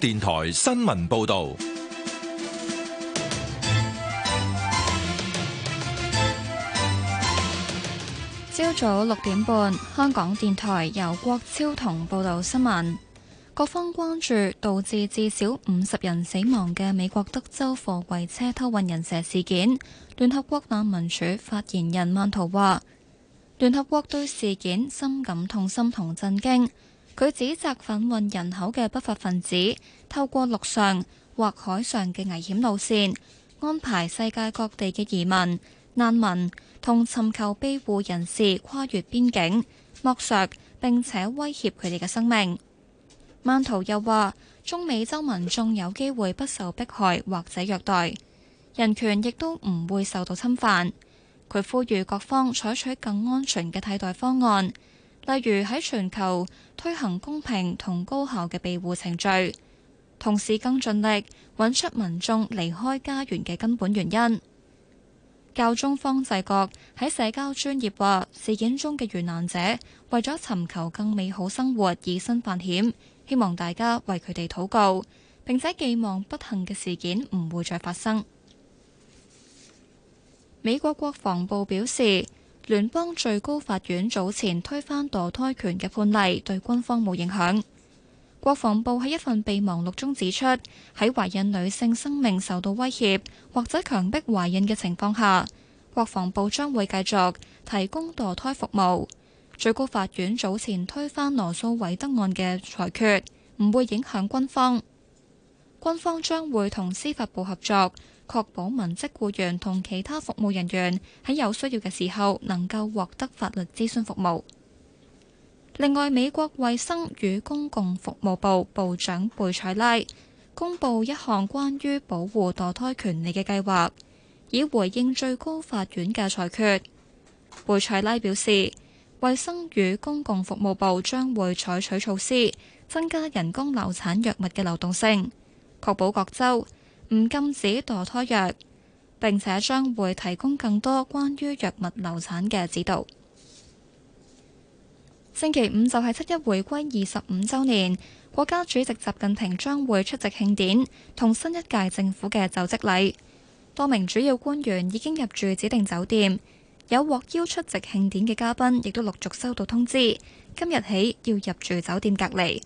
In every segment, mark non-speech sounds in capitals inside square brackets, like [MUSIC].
電台新聞報道：朝早六點半，香港電台由郭超同報道新聞。各方關注導致至少五十人死亡嘅美國德州貨櫃車偷運人蛇事件。聯合國難民署發言人曼圖話：聯合國對事件深感痛心同震驚。佢指責販運人口嘅不法分子透過陸上或海上嘅危險路線安排世界各地嘅移民難民同尋求庇護人士跨越邊境，剝削並且威脅佢哋嘅生命。曼圖又話：中美洲民眾有機會不受迫害或者虐待，人權亦都唔會受到侵犯。佢呼籲各方採取更安全嘅替代方案。例如喺全球推行公平同高效嘅庇護程序，同時更盡力揾出民眾離開家園嘅根本原因。教宗方濟各喺社交專業，話事件中嘅遇難者為咗尋求更美好生活以身犯險，希望大家為佢哋禱告，並且寄望不幸嘅事件唔會再發生。美國國防部表示。聯邦最高法院早前推翻墮胎權嘅判例，對軍方冇影響。國防部喺一份備忘錄中指出，喺懷孕女性生命受到威脅或者強迫懷孕嘅情況下，國防部將會繼續提供墮胎服務。最高法院早前推翻羅素韋德案嘅裁決，唔會影響軍方。軍方將會同司法部合作。確保文職雇員同其他服務人員喺有需要嘅時候能夠獲得法律諮詢服務。另外，美國衛生與公共服務部部長貝塞拉公布一項關於保護墮胎權利嘅計劃，以回應最高法院嘅裁決。貝塞拉表示，衛生與公共服務部將會採取措施，增加人工流產藥物嘅流動性，確保各州。唔禁止墮胎藥，並且將會提供更多關於藥物流產嘅指導。星期五就係七一回歸二十五週年，國家主席習近平將會出席慶典，同新一屆政府嘅就職禮。多名主要官員已經入住指定酒店，有獲邀出席慶典嘅嘉賓亦都陸續收到通知，今日起要入住酒店隔離。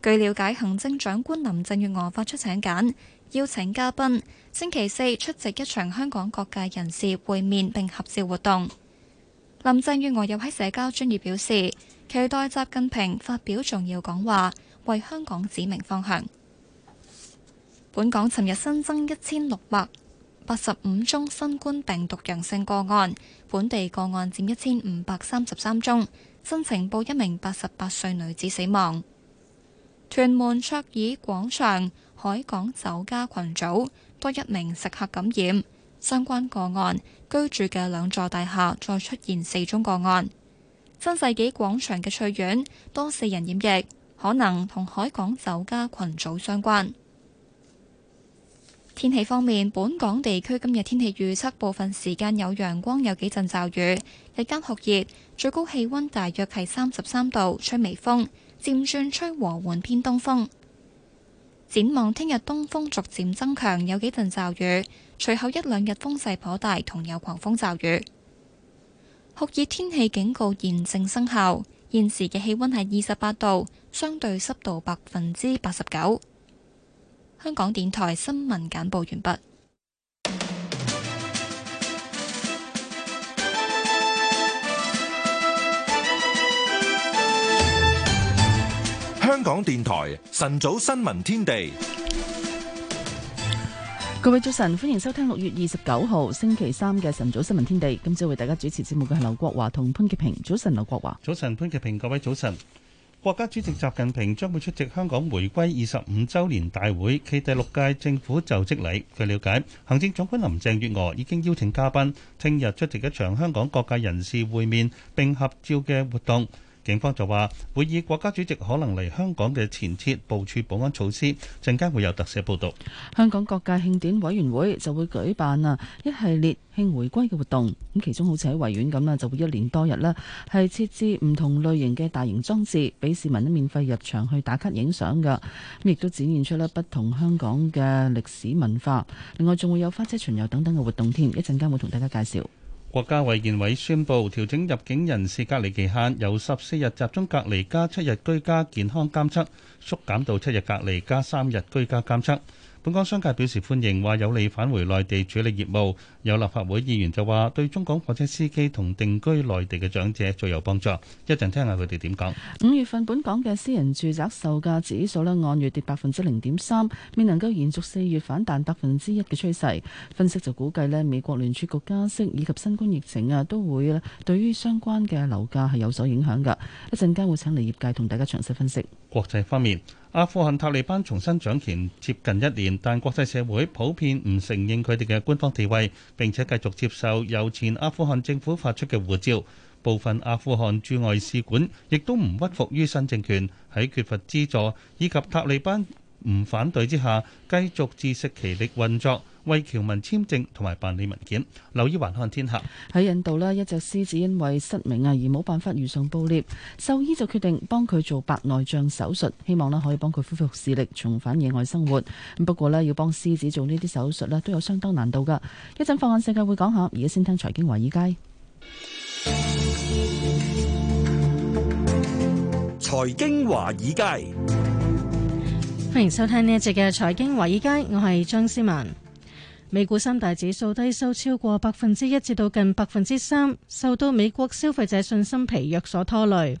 據了解，行政長官林鄭月娥發出請柬。邀請嘉賓星期四出席一場香港各界人士會面並合照活動。林鄭月娥又喺社交專頁表示，期待習近平發表重要講話，為香港指明方向。本港尋日新增一千六百八十五宗新冠病毒陽性個案，本地個案占一千五百三十三宗。申請報一名八十八歲女子死亡。屯門卓爾廣場。海港酒家群組多一名食客感染，相關個案居住嘅兩座大廈再出現四宗個案。新世紀廣場嘅翠園多四人染疫，可能同海港酒家群組相關。天氣方面，本港地區今日天氣預測部分時間有陽光，有幾陣驟雨，日間酷熱，最高氣溫大約係三十三度，吹微風，漸轉吹和緩偏東風。展望聽日東風逐漸增強，有幾陣驟雨，隨後一兩日風勢頗大，同有狂風驟雨。酷熱天氣警告現正生效，現時嘅氣温係二十八度，相對濕度百分之八十九。香港電台新聞簡報完畢。香港電台晨早新聞天地，各位早晨，歡迎收聽六月二十九號星期三嘅晨早新聞天地。今朝為大家主持節目嘅係劉國華同潘潔平。早晨，劉國華。早晨，潘潔平。各位早晨。國家主席習近平將會出席香港回歸二十五周年大會暨第六屆政府就職禮。據了解，行政長官林鄭月娥已經邀請嘉賓聽日出席一場香港各界人士會面並合照嘅活動。警方就話會以國家主席可能嚟香港嘅前設部署保安措施，陣間會有特寫報道。香港各界慶典委員會就會舉辦啊一系列慶回歸嘅活動，咁其中好似喺維園咁啦，就會一年多日啦，係設置唔同類型嘅大型裝置，俾市民免費入場去打卡影相嘅，亦都展現出咧不同香港嘅歷史文化。另外仲會有花車巡遊等等嘅活動添，一陣間會同大家介紹。國家衛健委宣布調整入境人士隔離期限，由十四日集中隔離加七日居家健康監測，縮減到七日隔離加三日居家監測。本港商界表示歡迎，話有利返回內地處理業務。有立法會議員就話對中港貨車司機同定居內地嘅長者最有幫助。一陣聽下佢哋點講。五月份本港嘅私人住宅售價指數咧，按月跌百分之零點三，未能夠延續四月反彈百分之一嘅趨勢。分析就估計咧，美國聯儲局加息以及新冠疫情啊，都會對於相關嘅樓價係有所影響噶。一陣間會請嚟業界同大家詳細分析。國際方面，阿富汗塔利班重新掌權接近一年，但國際社會普遍唔承認佢哋嘅官方地位，並且繼續接受由前阿富汗政府發出嘅護照。部分阿富汗駐外使館亦都唔屈服於新政權，喺缺乏資助以及塔利班唔反對之下，繼續自食其力運作。為僑民簽證同埋辦理文件，留意環看天下。喺印度呢一隻獅子因為失明啊，而冇辦法遇上捕獵，獸醫就決定幫佢做白內障手術，希望啦可以幫佢恢復視力，重返野外生活。咁不過呢要幫獅子做呢啲手術咧，都有相當難度噶。一陣放眼世界會講下，而家先聽財經華爾街。財經華爾街，歡迎收聽呢一節嘅財經華爾街，我係張思文。美股三大指數低收超過百分之一至到近百分之三，受到美國消費者信心疲弱所拖累。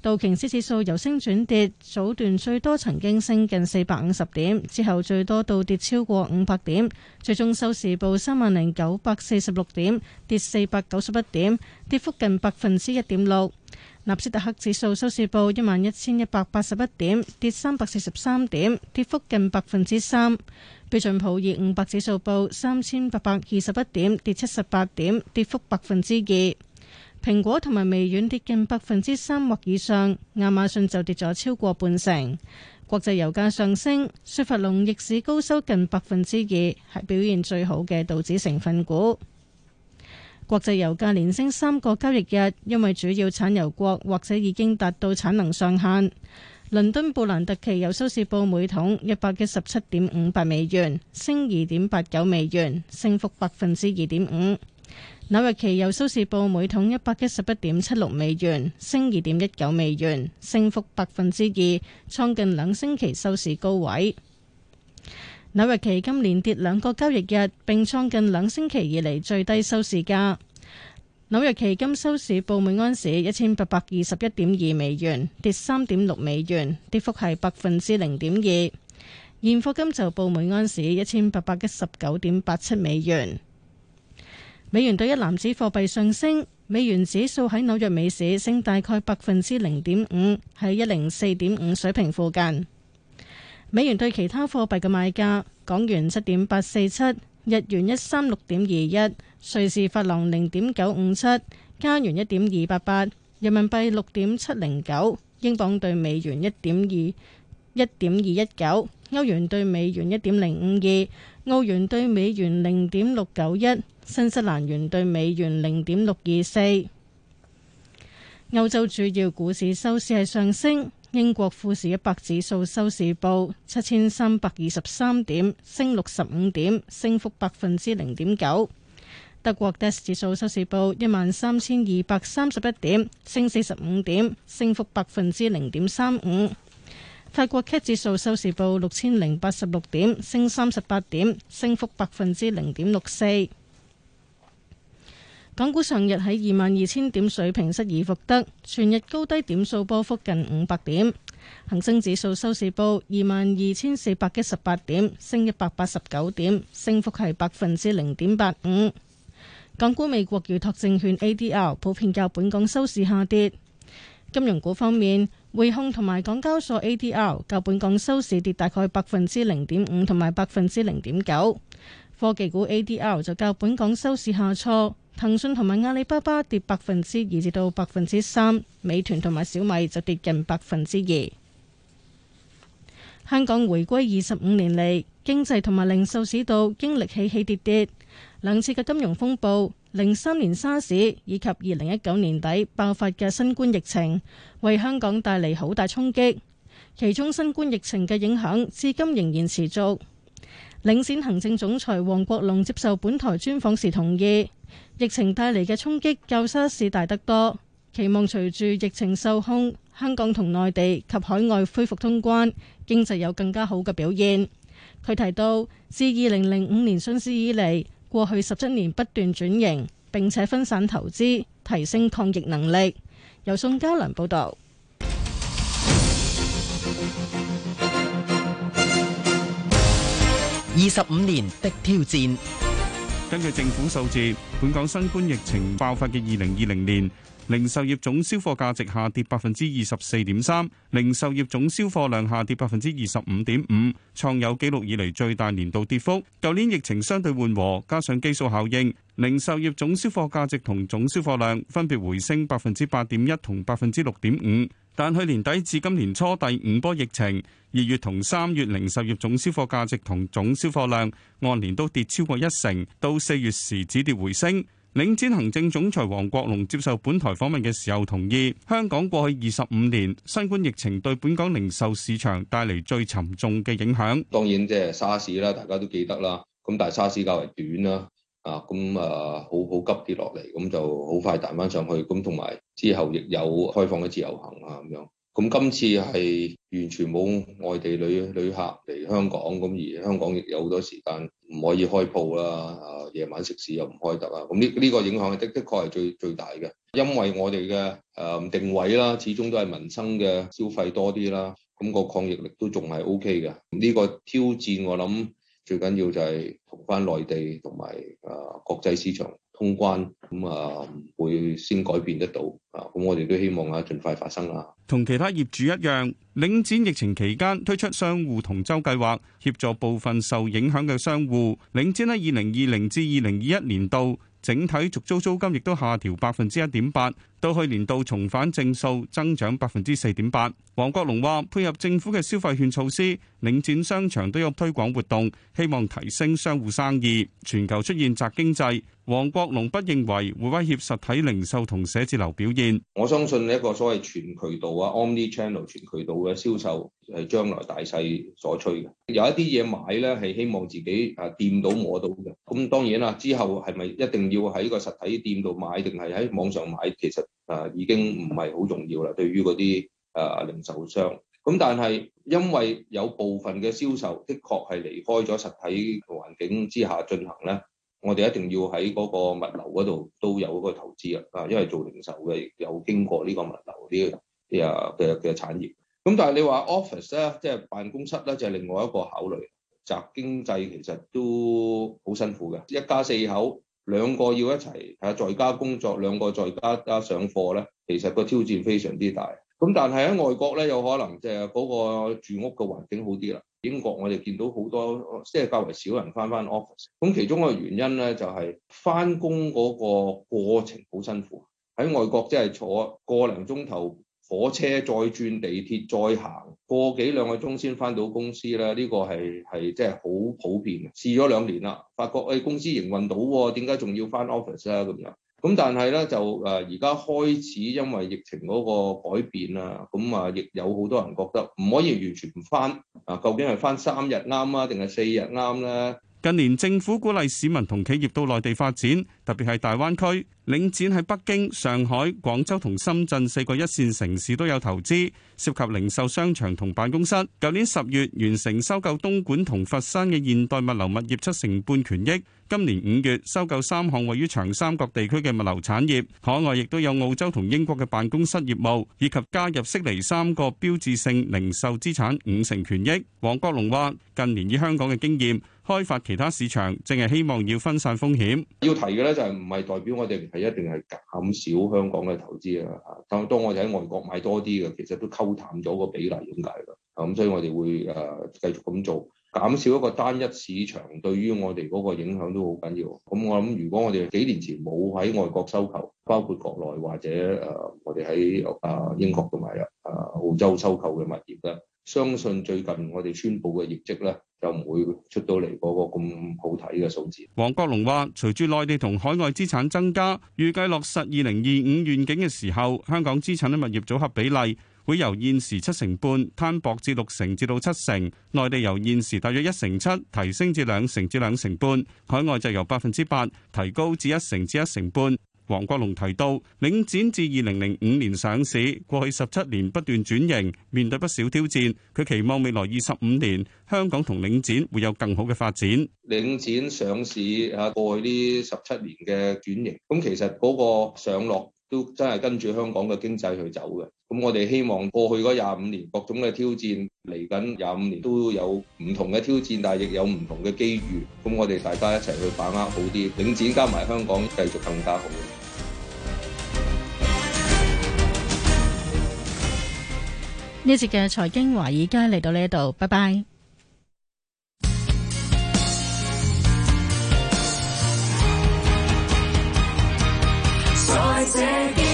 道瓊斯指數由升轉跌，早段最多曾經升近四百五十點，之後最多到跌超過五百點，最終收市報三萬零九百四十六點，跌四百九十一點，跌幅近百分之一點六。納斯達克指數收市報一萬一千一百八十一點，跌三百四十三點，跌幅近百分之三。標準普爾五百指數報三千八百二十一點，跌七十八點，跌幅百分之二。蘋果同埋微軟跌近百分之三或以上，亞馬遜就跌咗超過半成。國際油價上升，雪佛龍逆市高收近百分之二，係表現最好嘅道指成分股。國際油價連升三個交易日，因為主要產油國或者已經達到產能上限。倫敦布蘭特期油收市報每桶一百一十七點五八美元，升二點八九美元，升幅百分之二點五。紐約期油收市報每桶一百一十一點七六美元，升二點一九美元，升幅百分之二，創近兩星期收市高位。紐約期今年跌兩個交易日，並創近兩星期以嚟最低收市價。紐約期金收市報每安士一千八百二十一點二美元，跌三點六美元，跌幅係百分之零點二。現貨金就報每安士一千八百一十九點八七美元。美元兌一籃子貨幣上升，美元指數喺紐約美市升大概百分之零點五，喺一零四點五水平附近。美元兌其他貨幣嘅賣價，港元七點八四七。日元一三六點二一，瑞士法郎零點九五七，加元一點二八八，人民幣六點七零九，英鎊兌美元一點二一點二一九，歐元兌美元一點零五二，澳元兌美元零點六九一，新西蘭元兌美元零點六二四。歐洲主要股市收市係上升。英國富時一百指數收市報七千三百二十三點，升六十五點，升幅百分之零點九。德國 DAX 指數收市報一萬三千二百三十一點，升四十五點，升幅百分之零點三五。法國 CAC 指數收市報六千零八十六點，升三十八點，升幅百分之零點六四。港股上日喺二萬二千點水平失而復得，全日高低點數波幅近五百點。恒生指數收市報二萬二千四百一十八點，升一百八十九點，升幅係百分之零點八五。港股美國預託證券 ADR 普遍較本港收市下跌。金融股方面，匯控同埋港交所 ADR 較本港收市跌大概百分之零點五同埋百分之零點九。科技股 ADR 就較本港收市下挫，騰訊同埋阿里巴巴跌百分之二至到百分之三，美團同埋小米就跌近百分之二。香港回歸二十五年嚟，經濟同埋零售市道經歷起起跌跌，兩次嘅金融風暴，零三年沙士以及二零一九年底爆發嘅新冠疫情，為香港帶嚟好大衝擊。其中新冠疫情嘅影響至今仍然持續。領展行政總裁王國龍接受本台專訪時，同意疫情帶嚟嘅衝擊較沙士大得多。期望隨住疫情受控，香港同內地及海外恢復通關，經濟有更加好嘅表現。佢提到，自二零零五年上市以嚟，過去十七年不斷轉型並且分散投資，提升抗疫能力。由宋嘉良報導。二十五年的挑戰。根據政府數字，本港新冠疫情爆發嘅二零二零年，零售業總銷貨價值下跌百分之二十四點三，零售業總銷貨量下跌百分之二十五點五，創有紀錄以嚟最大年度跌幅。舊年疫情相對緩和，加上基數效應，零售業總銷貨價值同總銷貨量分別回升百分之八點一同百分之六點五。但去年底至今年初第五波疫情，二月同三月零售業總銷貨價值同總銷貨量按年都跌超過一成，到四月時止跌回升。領展行政總裁王國龍接受本台訪問嘅時候，同意香港過去二十五年新冠疫情對本港零售市場帶嚟最沉重嘅影響。當然，即係沙士啦，大家都記得啦。咁但係沙士較為短啦。啊，咁啊，好好急跌落嚟，咁就好快彈翻上去，咁同埋之後亦有開放嘅自由行啊，咁樣，咁今次係完全冇外地旅旅客嚟香港，咁而香港亦有好多時間唔可以開鋪啦，啊，夜晚食肆又唔開得啊，咁呢呢個影響係的的確係最最大嘅，因為我哋嘅誒定位啦，始終都係民生嘅消費多啲啦，咁個抗疫力都仲係 OK 嘅，呢個挑戰我諗。最緊要就係同翻內地同埋啊國際市場通關，咁、嗯、啊會先改變得到啊！咁我哋都希望啊，盡快發生啊！同其他業主一樣，領展疫情期間推出商戶同舟計劃，協助部分受影響嘅商戶，領展喺二零二零至二零二一年度整體續租租金亦都下調百分之一點八。到去年度重返正數，增長百分之四點八。王國龍話：配合政府嘅消費券措施，領展商場都有推廣活動，希望提升商戶生意。全球出現宅經濟，王國龍不認為會威脅實體零售同寫字樓表現。我相信呢一個所謂全渠道啊，Omni Channel 全渠道嘅銷售係將來大勢所趨嘅。有一啲嘢買咧係希望自己啊掂到摸到嘅，咁當然啦。之後係咪一定要喺個實體店度買，定係喺網上買？其實啊，已經唔係好重要啦。對於嗰啲啊零售商，咁但係因為有部分嘅銷售，的確係離開咗實體環境之下進行咧，我哋一定要喺嗰個物流嗰度都有一個投資啊。啊，因為做零售嘅有經過呢個物流啲啲啊嘅嘅產業。咁但係你話 office 咧，即係辦公室咧，就係另外一個考慮。集經濟其實都好辛苦嘅，一家四口。兩個要一齊喺在家工作，兩個在家啊上課咧，其實個挑戰非常之大。咁但係喺外國咧，有可能即係嗰個住屋嘅環境好啲啦。英國我哋見到好多即係、就是、較為少人翻翻 office。咁其中一個原因咧，就係翻工嗰個過程好辛苦，喺外國即係坐個零鐘頭。火車再轉地鐵再行，個幾兩個鐘先翻到公司咧。呢、這個係係即係好普遍嘅。試咗兩年啦，發覺誒、欸、公司營運到喎、哦，點解仲要翻 office 啊咁樣？咁但係咧就誒而家開始因為疫情嗰個改變啊，咁啊亦有好多人覺得唔可以完全唔翻啊。究竟係翻三日啱啊，定係四日啱咧？近年政府鼓勵市民同企業到內地發展，特別係大灣區。領展喺北京、上海、廣州同深圳四個一線城市都有投資，涉及零售商場同辦公室。舊年十月完成收購東莞同佛山嘅現代物流物業七成半權益，今年五月收購三項位於長三角地區嘅物流產業。海外亦都有澳洲同英國嘅辦公室業務，以及加入悉尼三個標誌性零售資產五成權益。王國龍話：近年以香港嘅經驗。開發其他市場，淨係希望要分散風險。要提嘅咧就係唔係代表我哋係一定係減少香港嘅投資啊？但當我哋喺外國買多啲嘅，其實都溝淡咗個比例點解㗎？咁所以我哋會誒繼續咁做，減少一個單一市場對於我哋嗰個影響都好緊要。咁我諗如果我哋幾年前冇喺外國收購，包括國內或者誒我哋喺啊英國同埋啊澳洲收購嘅物業咧，相信最近我哋宣佈嘅業績呢，就唔會出到嚟嗰個咁好睇嘅數字。黃國龍話，隨住內地同海外資產增加，預計落實二零二五願景嘅時候，香港資產嘅物業組合比例會由現時七成半攤薄至六成，至到七成；內地由現時大約一成七提升至兩成至兩成半；海外就由百分之八提高至一成至一成半。黃國龍提到，領展至二零零五年上市，過去十七年不斷轉型，面對不少挑戰。佢期望未來二十五年，香港同領展會有更好嘅發展。領展上市啊，過去呢十七年嘅轉型，咁其實嗰個上落都真係跟住香港嘅經濟去走嘅。咁我哋希望過去嗰廿五年各種嘅挑戰，嚟緊廿五年都有唔同嘅挑戰，但係亦有唔同嘅機遇。咁我哋大家一齊去把握好啲，領展加埋香港繼續更加好。呢節嘅財經華爾街嚟到呢一度，拜拜。在這。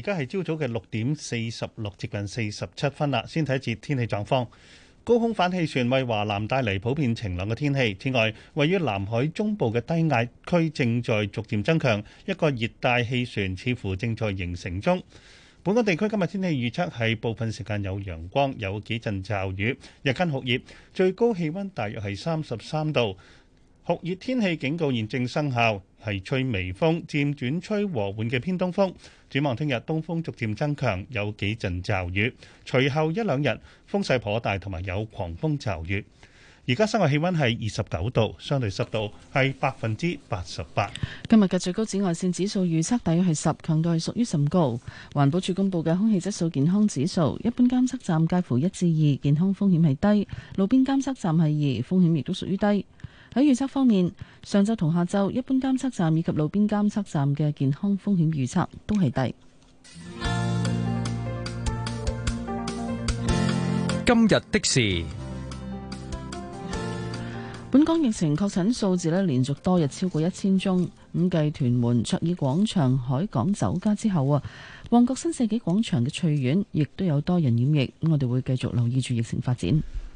而家係朝早嘅六點四十六，接近四十七分啦。先睇一節天氣狀況。高空反氣旋為華南帶嚟普遍晴朗嘅天氣。此外，位於南海中部嘅低壓區正在逐漸增強，一個熱帶氣旋似乎正在形成中。本港地區今日天氣預測係部分時間有陽光，有幾陣驟雨，日間酷熱，最高氣温大約係三十三度。酷熱天氣警告現正生效，係吹微風，漸轉吹和緩嘅偏東風。展望聽日東風逐漸增強，有幾陣驟雨。隨後一兩日風勢頗大，同埋有狂風驟雨。而家室外氣温係二十九度，相對濕度係百分之八十八。今日嘅最高紫外線指數預測大約係十，強度係屬於甚高。環保署公布嘅空氣質素健康指數，一般監測站介乎一至二，健康風險係低；路邊監測站係二，風險亦都屬於低。喺預測方面，上晝同下晝，一般監測站以及路邊監測站嘅健康風險預測都係低。今日的事，本港疫情確診數字咧，連續多日超過一千宗。咁繼屯門卓爾廣場、海港酒家之後啊，旺角新世紀廣場嘅翠苑亦都有多人染疫。我哋會繼續留意住疫情發展。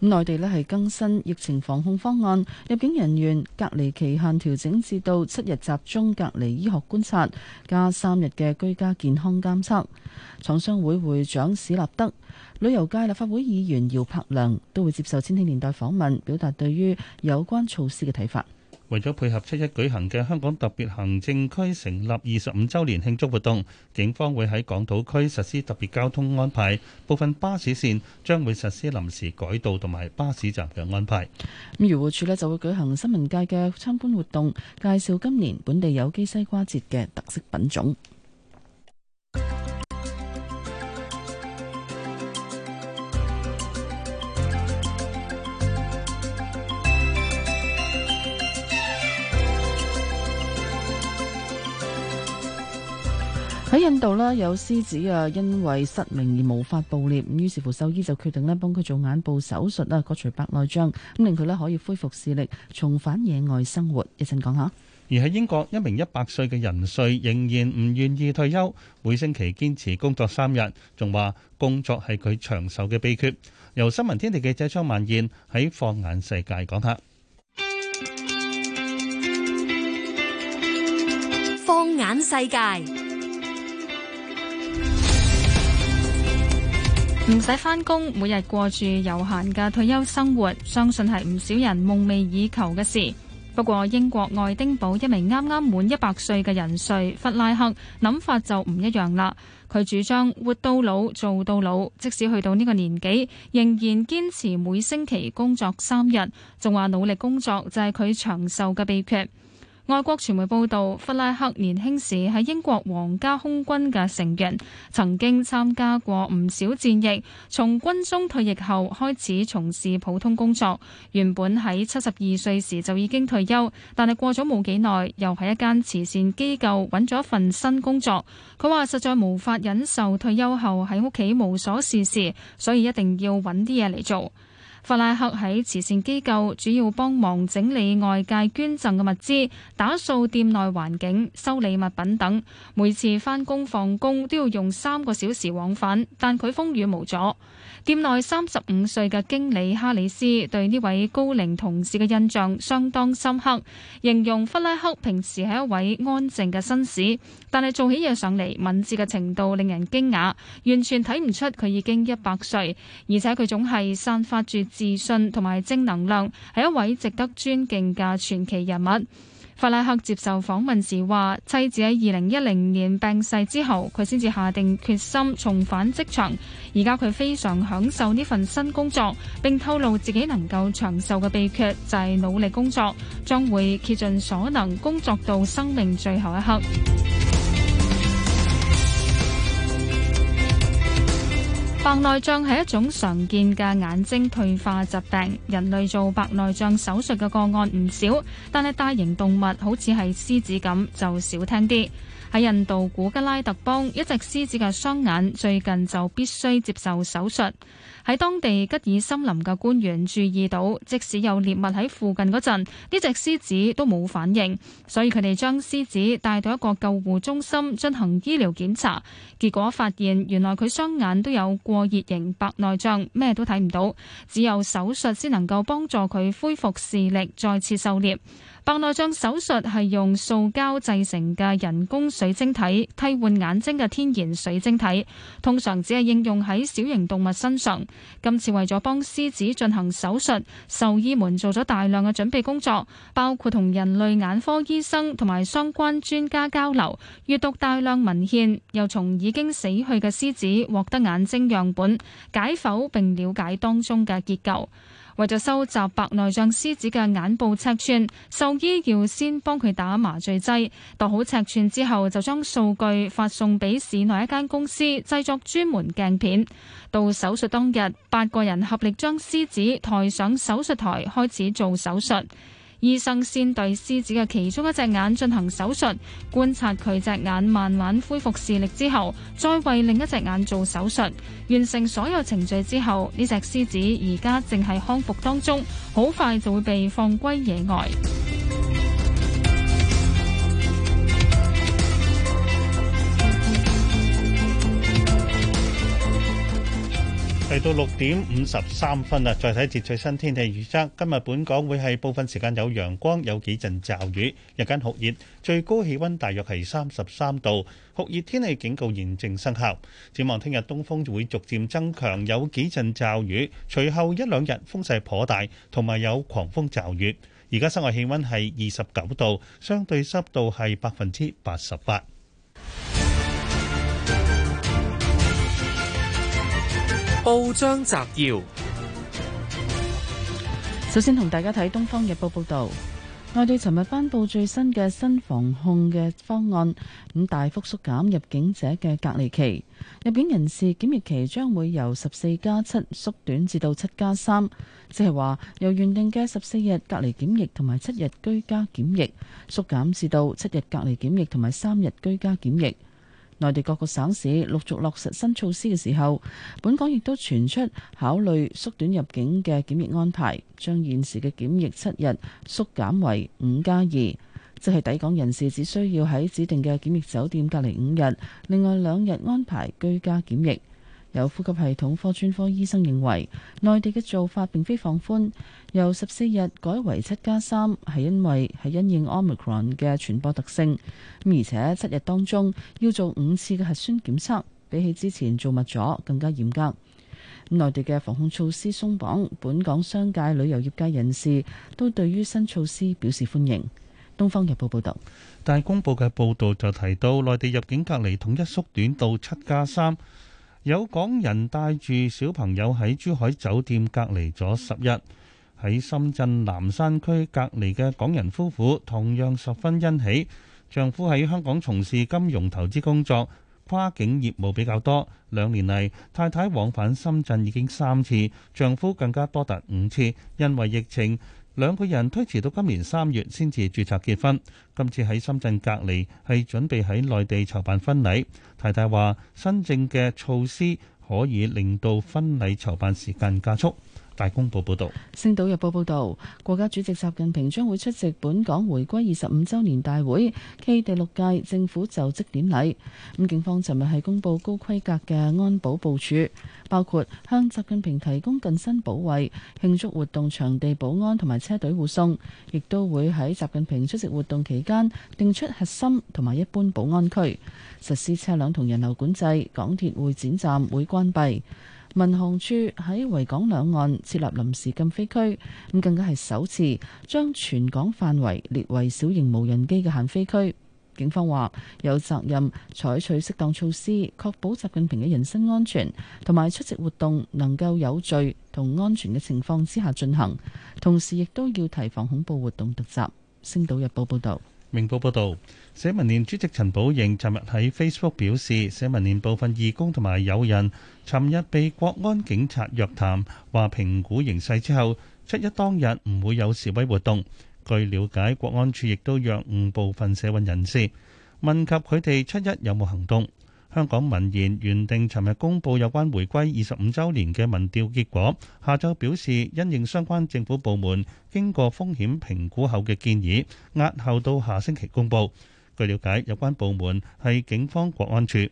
內地咧係更新疫情防控方案，入境人員隔離期限調整至到七日集中隔離醫學觀察，加三日嘅居家健康監測。廠商會會長史立德、旅遊界立法會議員姚柏良都會接受千禧年代訪問，表達對於有關措施嘅睇法。為咗配合七一舉行嘅香港特別行政區成立二十五週年慶祝活動，警方會喺港島區實施特別交通安排，部分巴士線將會實施臨時改道同埋巴士站嘅安排。咁漁護署呢就會舉行新聞界嘅參觀活動，介紹今年本地有機西瓜節嘅特色品種。喺印度咧，有獅子啊，因為失明而無法捕獵，咁於是乎獸醫就決定咧幫佢做眼部手術啊，割除白內障，咁令佢咧可以恢復視力，重返野外生活。一陣講下。而喺英國，一名一百歲嘅人瑞仍然唔願意退休，每星期堅持工作三日，仲話工作係佢長壽嘅秘訣。由新聞天地記者張萬燕喺放眼世界講下。放眼世界。唔使返工，每日過住悠閒嘅退休生活，相信係唔少人夢寐以求嘅事。不過，英國愛丁堡一名啱啱滿一百歲嘅人瑞弗拉克諗法就唔一樣啦。佢主張活到老做到老，即使去到呢個年紀，仍然堅持每星期工作三日，仲話努力工作就係佢長壽嘅秘訣。外國傳媒報道，弗拉克年輕時係英國皇家空軍嘅成員，曾經參加過唔少戰役。從軍中退役後，開始從事普通工作。原本喺七十二歲時就已經退休，但係過咗冇幾耐，又喺一間慈善機構揾咗一份新工作。佢話實在無法忍受退休後喺屋企無所事事，所以一定要揾啲嘢嚟做。法拉克喺慈善機構主要幫忙整理外界捐贈嘅物資、打掃店內環境、修理物品等。每次返工放工都要用三個小時往返，但佢風雨無阻。店內三十五歲嘅經理哈里斯對呢位高齡同事嘅印象相當深刻，形容弗拉克平時係一位安靜嘅紳士，但係做起嘢上嚟敏捷嘅程度令人驚訝，完全睇唔出佢已經一百歲，而且佢總係散發住自信同埋正能量，係一位值得尊敬嘅傳奇人物。法拉克接受訪問時話：妻子喺二零一零年病逝之後，佢先至下定決心重返職場。而家佢非常享受呢份新工作，並透露自己能夠長壽嘅秘訣就係努力工作，將會竭盡所能工作到生命最後一刻。白內障係一種常見嘅眼睛退化疾病，人類做白內障手術嘅個案唔少，但係大型動物好似係獅子咁就少聽啲。喺印度古吉拉特邦，一隻獅子嘅雙眼最近就必須接受手術。喺當地吉爾森林嘅官員注意到，即使有獵物喺附近嗰陣，呢隻獅子都冇反應，所以佢哋將獅子帶到一個救護中心進行醫療檢查，結果發現原來佢雙眼都有過熱型白內障，咩都睇唔到，只有手術先能夠幫助佢恢復視力，再次狩獵。白內障手術係用塑膠製成嘅人工水晶體，替換眼睛嘅天然水晶體，通常只係應用喺小型動物身上。今次為咗幫獅子進行手術，獸醫們做咗大量嘅準備工作，包括同人類眼科醫生同埋相關專家交流、閱讀大量文獻，又從已經死去嘅獅子獲得眼睛樣本，解剖並了解當中嘅結構。為咗收集白內障獅子嘅眼部尺寸，獸醫要先幫佢打麻醉劑，度好尺寸之後就將數據發送畀市內一間公司製作專門鏡片。到手術當日，八個人合力將獅子抬上手術台，開始做手術。醫生先對獅子嘅其中一隻眼進行手術，觀察佢隻眼慢慢恢復視力之後，再為另一隻眼做手術。完成所有程序之後，呢隻獅子而家正係康復當中，好快就會被放歸野外。嚟到六點五十三分啦，再睇一節最新天氣預測。今日本港會係部分時間有陽光，有幾陣驟雨，日間酷熱，最高氣溫大約係三十三度，酷熱天氣警告現正生效。展望聽日東風會逐漸增強，有幾陣驟雨，隨後一兩日風勢頗大，同埋有狂風驟雨。而家室外氣溫係二十九度，相對濕度係百分之八十八。報章摘要，首先同大家睇《東方日報》報道，內地尋日頒布最新嘅新防控嘅方案，咁大幅縮減入境者嘅隔離期，入境人士檢疫期將會由十四加七縮短至到七加三，即係話由原定嘅十四日隔離檢疫同埋七日居家檢疫，縮減至到七日隔離檢疫同埋三日居家檢疫。內地各個省市陸續落實新措施嘅時候，本港亦都傳出考慮縮短入境嘅檢疫安排，將現時嘅檢疫七日縮減為五加二，即係抵港人士只需要喺指定嘅檢疫酒店隔離五日，另外兩日安排居家檢疫。有呼吸系統科專科醫生認為，內地嘅做法並非放寬，由十四日改為七加三，係因為係因應 Omicron 嘅傳播特性。而且七日當中要做五次嘅核酸檢測，比起之前做密咗更加嚴格。內地嘅防控措施鬆綁，本港商界、旅遊業界人士都對於新措施表示歡迎。《東方日報》報導，大公報嘅報導就提到，內地入境隔離統一縮短到七加三。3, 有港人帶住小朋友喺珠海酒店隔離咗十日，喺深圳南山區隔離嘅港人夫婦同樣十分欣喜。丈夫喺香港從事金融投資工作，跨境業務比較多。兩年嚟，太太往返深圳已經三次，丈夫更加多達五次，因為疫情。兩個人推遲到今年三月先至註冊結婚。今次喺深圳隔離，係準備喺內地籌辦婚禮。太太話，新政嘅措施可以令到婚禮籌辦時間加速。大公報報導，《星島日報》報導，國家主席習近平將會出席本港回歸二十五週年大會暨第六屆政府就職典禮。咁警方尋日係公布高規格嘅安保部署，包括向習近平提供近身保衛、慶祝活動場地保安同埋車隊護送，亦都會喺習近平出席活動期間定出核心同埋一般保安區，實施車輛同人流管制，港鐵會展站會關閉。民航處喺維港兩岸設立臨時禁飛區，咁更加係首次將全港範圍列為小型無人機嘅限飛區。警方話有責任採取適當措施，確保習近平嘅人身安全同埋出席活動能夠有序同安全嘅情況之下進行，同時亦都要提防恐怖活動突襲。《星島日報》報道。明報報導，社民連主席陳寶瑩尋日喺 Facebook 表示，社民連部分義工同埋友人尋日被國安警察約談，話評估形勢之後，七一當日唔會有示威活動。據了解，國安處亦都約晤部分社運人士，問及佢哋七一有冇行動。香港民研原定尋日公布有關回歸二十五週年嘅民調結果，下晝表示因應相關政府部門經過風險評估後嘅建議，押後到下星期公布。據了解，有關部門係警方國安處。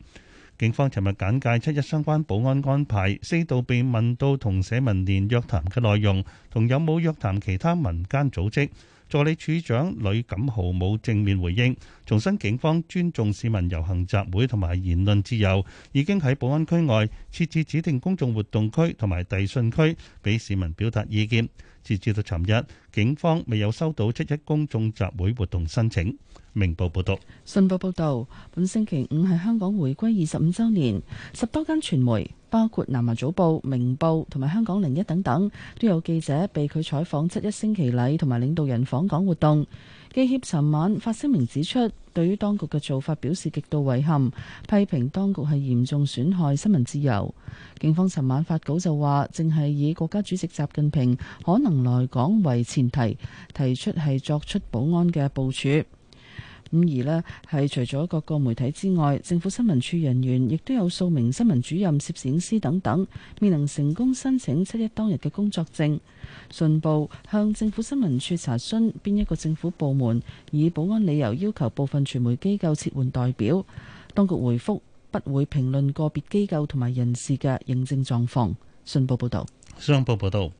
警方尋日簡介七一相關保安安排，四度被問到同社民連約談嘅內容，同有冇約談其他民間組織。助理處長呂錦豪冇正面回應，重申警方尊重市民遊行集會同埋言論自由，已經喺保安區外設置指定公眾活動區同埋遞信區，俾市民表達意見。截至到尋日，警方未有收到七一公眾集會活動申請。明報報導，信報報導，本星期五係香港回歸二十五週年，十多間傳媒，包括南華早報、明報同埋香港零一等等，都有記者被佢採訪七一升旗禮同埋領導人訪港活動。記協尋晚發聲明指出，對於當局嘅做法表示極度遺憾，批評當局係嚴重損害新聞自由。警方尋晚發稿就話，正係以國家主席習近平可能來港為前提，提出係作出保安嘅部署。咁而呢，係除咗各個媒體之外，政府新聞處人員亦都有數名新聞主任、攝影師等等，未能成功申請七一當日嘅工作證。信報向政府新聞處查詢，邊一個政府部門以保安理由要求部分傳媒機構撤換代表，當局回覆不會評論個別機構同埋人士嘅認證狀況。信報報道。商報報導。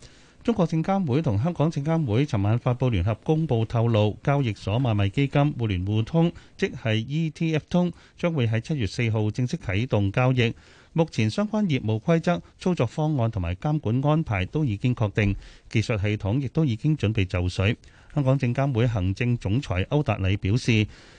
中國證監會同香港證監會尋晚發布聯合公布，透露交易所買賣基金互聯互通，即係 ETF 通，將會喺七月四號正式啟動交易。目前相關業務規則、操作方案同埋監管安排都已經確定，技術系統亦都已經準備就緒。香港證監會行政總裁歐達禮表示。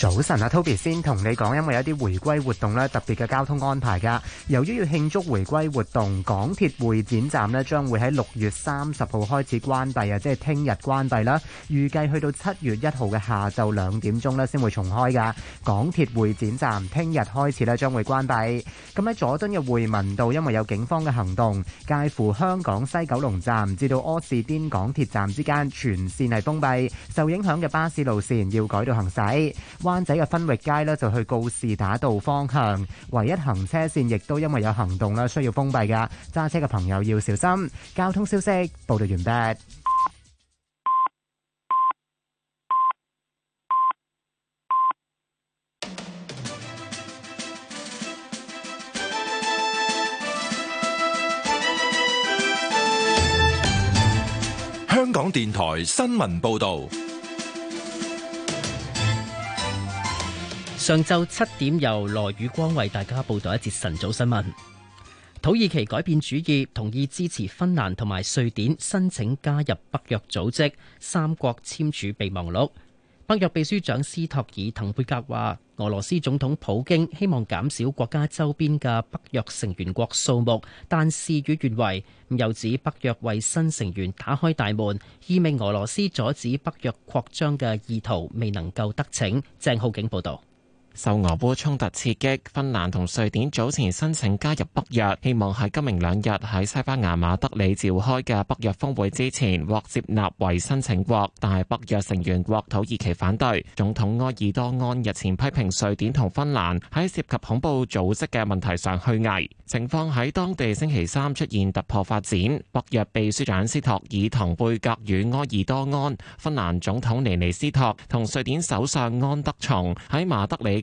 早晨啊，Toby 先同你講，因為有啲回歸活動咧，特別嘅交通安排噶由於要慶祝回歸活動，港鐵會展站咧將會喺六月三十號開始關閉啊，即係聽日關閉啦。預計去到七月一號嘅下晝兩點鐘咧先會重開噶港鐵會展站聽日開始咧將會關閉。咁喺佐敦嘅匯民道，因為有警方嘅行動，介乎香港西九龍站至到柯士甸港鐵站之間全線係封閉，受影響嘅巴士路線要改道行駛。灣仔嘅分域街呢就去告士打道方向，唯一行車線亦都因為有行動啦，需要封閉㗎，揸車嘅朋友要小心。交通消息報道完畢。香港電台新聞報道。上晝七點，由羅宇光為大家報道一節晨早新聞。土耳其改變主意，同意支持芬蘭同埋瑞典申請加入北約組織，三國簽署備忘錄。北約秘書長斯托爾滕貝格話，俄羅斯總統普京希望減少國家周邊嘅北約成員國數目，但事與願違。又指北約為新成員打開大門，意味俄羅斯阻止北約擴張嘅意圖未能夠得逞。鄭浩景報道。受俄烏衝突刺激，芬蘭同瑞典早前申請加入北約，希望喺今明兩日喺西班牙馬德里召開嘅北約峰會之前獲接納為申請國。但係北約成員國土耳其反對。總統埃爾多安日前批評瑞典同芬蘭喺涉及恐怖組織嘅問題上虛偽。情況喺當地星期三出現突破發展。北約秘書長斯托爾滕貝格與埃爾多安、芬蘭總統尼尼斯托同瑞典首相安德松喺馬德里。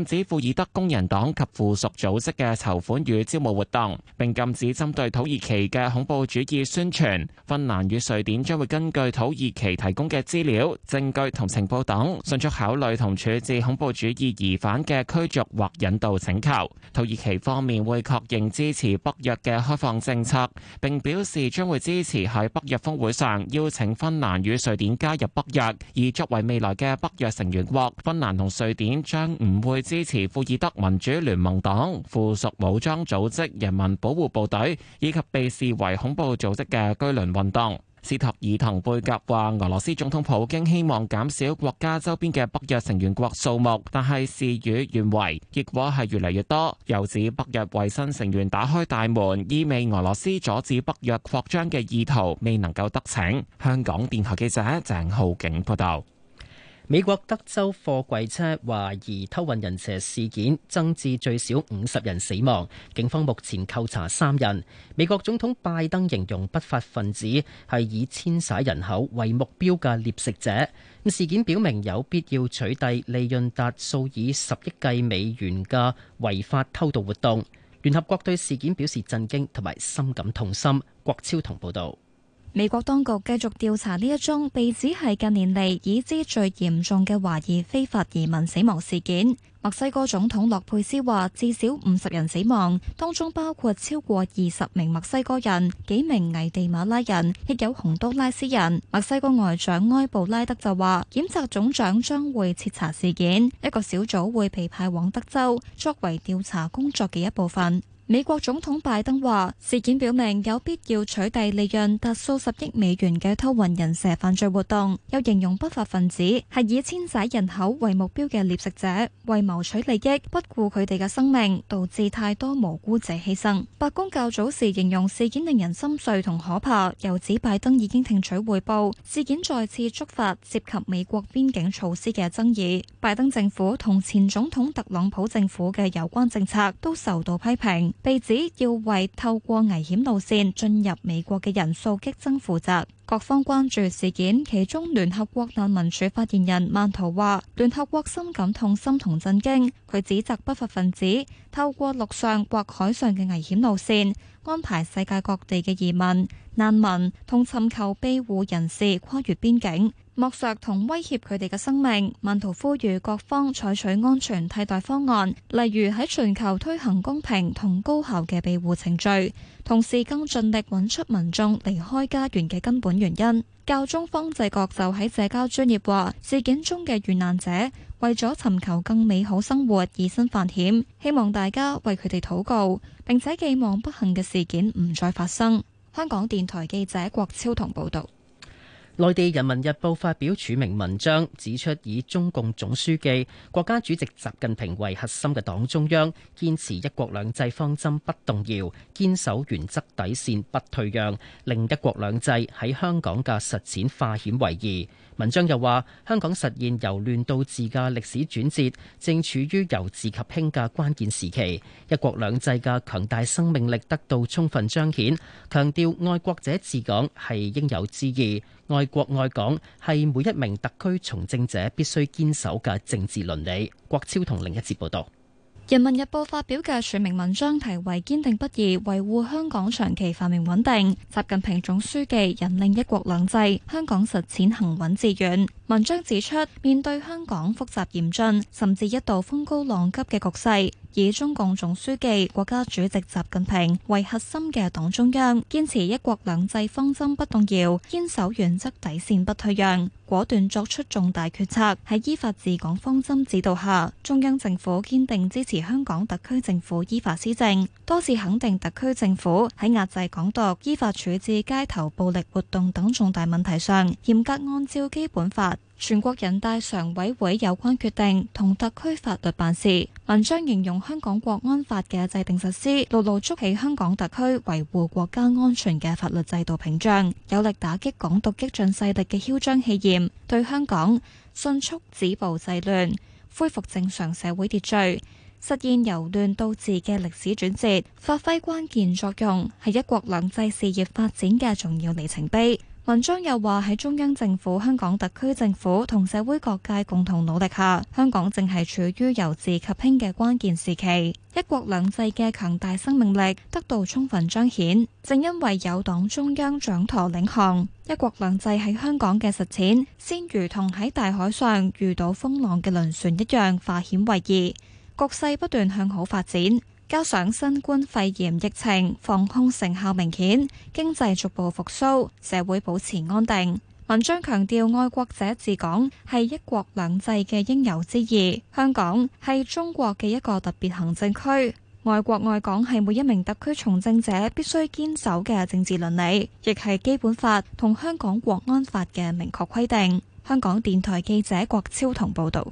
禁止庫爾德工人黨及附屬組織嘅籌款與招募活動，並禁止針對土耳其嘅恐怖主義宣傳。芬蘭與瑞典將會根據土耳其提供嘅資料、證據同情報等，迅速考慮同處置恐怖主義疑犯嘅驅逐或引渡請求。土耳其方面會確認支持北約嘅開放政策，並表示將會支持喺北約峰會上邀請芬蘭與瑞典加入北約，而作為未來嘅北約成員國，芬蘭同瑞典將唔會。支持庫爾德民主聯盟黨附屬武裝組織人民保護部隊，以及被視為恐怖組織嘅居倫運動。斯托爾滕貝格話：俄羅斯總統普京希望減少國家周邊嘅北約成員國數目，但係事與願違，結果係越嚟越多。又指北約為新成員打開大門，意味俄羅斯阻止北約擴張嘅意圖未能夠得逞。香港電台記者鄭浩景報道。美國德州貨櫃車懷疑偷運人蛇事件增至最少五十人死亡，警方目前扣查三人。美國總統拜登形容不法分子係以遷徙人口為目標嘅獵食者。事件表明有必要取締利潤達數以十億計美元嘅違法偷渡活動。聯合國對事件表示震驚同埋深感痛心。郭超同報道。美國當局繼續調查呢一宗被指係近年嚟已知最嚴重嘅華裔非法移民死亡事件。墨西哥總統洛佩斯話，至少五十人死亡，當中包括超過二十名墨西哥人、幾名危地馬拉人，亦有洪都拉斯人。墨西哥外長埃布拉德就話，檢察總長將會徹查事件，一個小組會被派往德州，作為調查工作嘅一部分。美國總統拜登話：事件表明有必要取締利潤達數十億美元嘅偷運人蛇犯罪活動。又形容不法分子係以遷徙人口為目標嘅獵食者，為謀取利益不顧佢哋嘅生命，導致太多無辜者犧牲。白宮較早時形容事件令人心碎同可怕。又指拜登已經聽取匯報，事件再次觸發涉及美國邊境措施嘅爭議。拜登政府同前總統特朗普政府嘅有關政策都受到批評。被指要為透過危險路線進入美國嘅人數激增負責，各方關注事件。其中，聯合國難民署發言人曼圖話：聯合國深感痛心同震驚，佢指責不法分子透過陸上或海上嘅危險路線。安排世界各地嘅移民、難民同尋求庇護人士跨越邊境，剝削同威脅佢哋嘅生命，問途呼籲各方採取安全替代方案，例如喺全球推行公平同高效嘅庇護程序，同時更盡力揾出民眾離開家園嘅根本原因。教宗方濟各就喺社交專業話事件中嘅遇難者。為咗尋求更美好生活，以身犯險，希望大家為佢哋禱告，並且寄望不幸嘅事件唔再發生。香港電台記者郭超同報道。內地《人民日報》發表署名文章，指出以中共總書記、國家主席習近平為核心嘅黨中央，堅持一國兩制方針不動搖，堅守原則底線不退讓，令一國兩制喺香港嘅實踐化險為夷。文章又話香港實現由亂到治嘅歷史轉折，正處於由治及興嘅關鍵時期，一國兩制嘅強大生命力得到充分彰顯，強調愛國者治港係應有之義，愛國愛港係每一名特區從政者必須堅守嘅政治倫理。郭超同另一節報道。《人民日報》發表嘅署名文章題為《堅定不移維護香港長期繁榮穩定》，習近平總書記引領一國兩制香港實踐行穩致遠。文章指出，面對香港複雜嚴峻，甚至一度風高浪急嘅局勢。以中共總書記、國家主席習近平為核心嘅黨中央，堅持一國兩制方針不動搖，堅守原則底線不退讓，果斷作出重大決策。喺依法治港方針指導下，中央政府堅定支持香港特區政府依法施政。多次肯定特區政府喺壓制港獨、依法處置街頭暴力活動等重大問題上，嚴格按照基本法、全國人大常委會有關決定同特區法律辦事。文章形容香港國安法嘅制定實施，牢牢築起香港特區維護國家安全嘅法律制度屏障，有力打擊港獨激進勢力嘅囂張氣焰，對香港迅速止暴制亂，恢復正常社會秩序。實現由亂到治嘅歷史轉折，發揮關鍵作用，係一國兩制事業發展嘅重要里程碑。文章又話，喺中央政府、香港特區政府同社會各界共同努力下，香港正係處於由治及興嘅關鍵時期，一國兩制嘅強大生命力得到充分彰顯。正因為有黨中央掌舵領航，一國兩制喺香港嘅實踐，先如同喺大海上遇到風浪嘅輪船一樣，化險為夷。局勢不斷向好發展，加上新冠肺炎疫情防控成效明顯，經濟逐步復蘇，社會保持安定。文章強調愛國者治港係一國兩制嘅應有之義。香港係中國嘅一個特別行政區，愛國愛港係每一名特區從政者必須堅守嘅政治倫理，亦係基本法同香港國安法嘅明確規定。香港電台記者郭超同報道。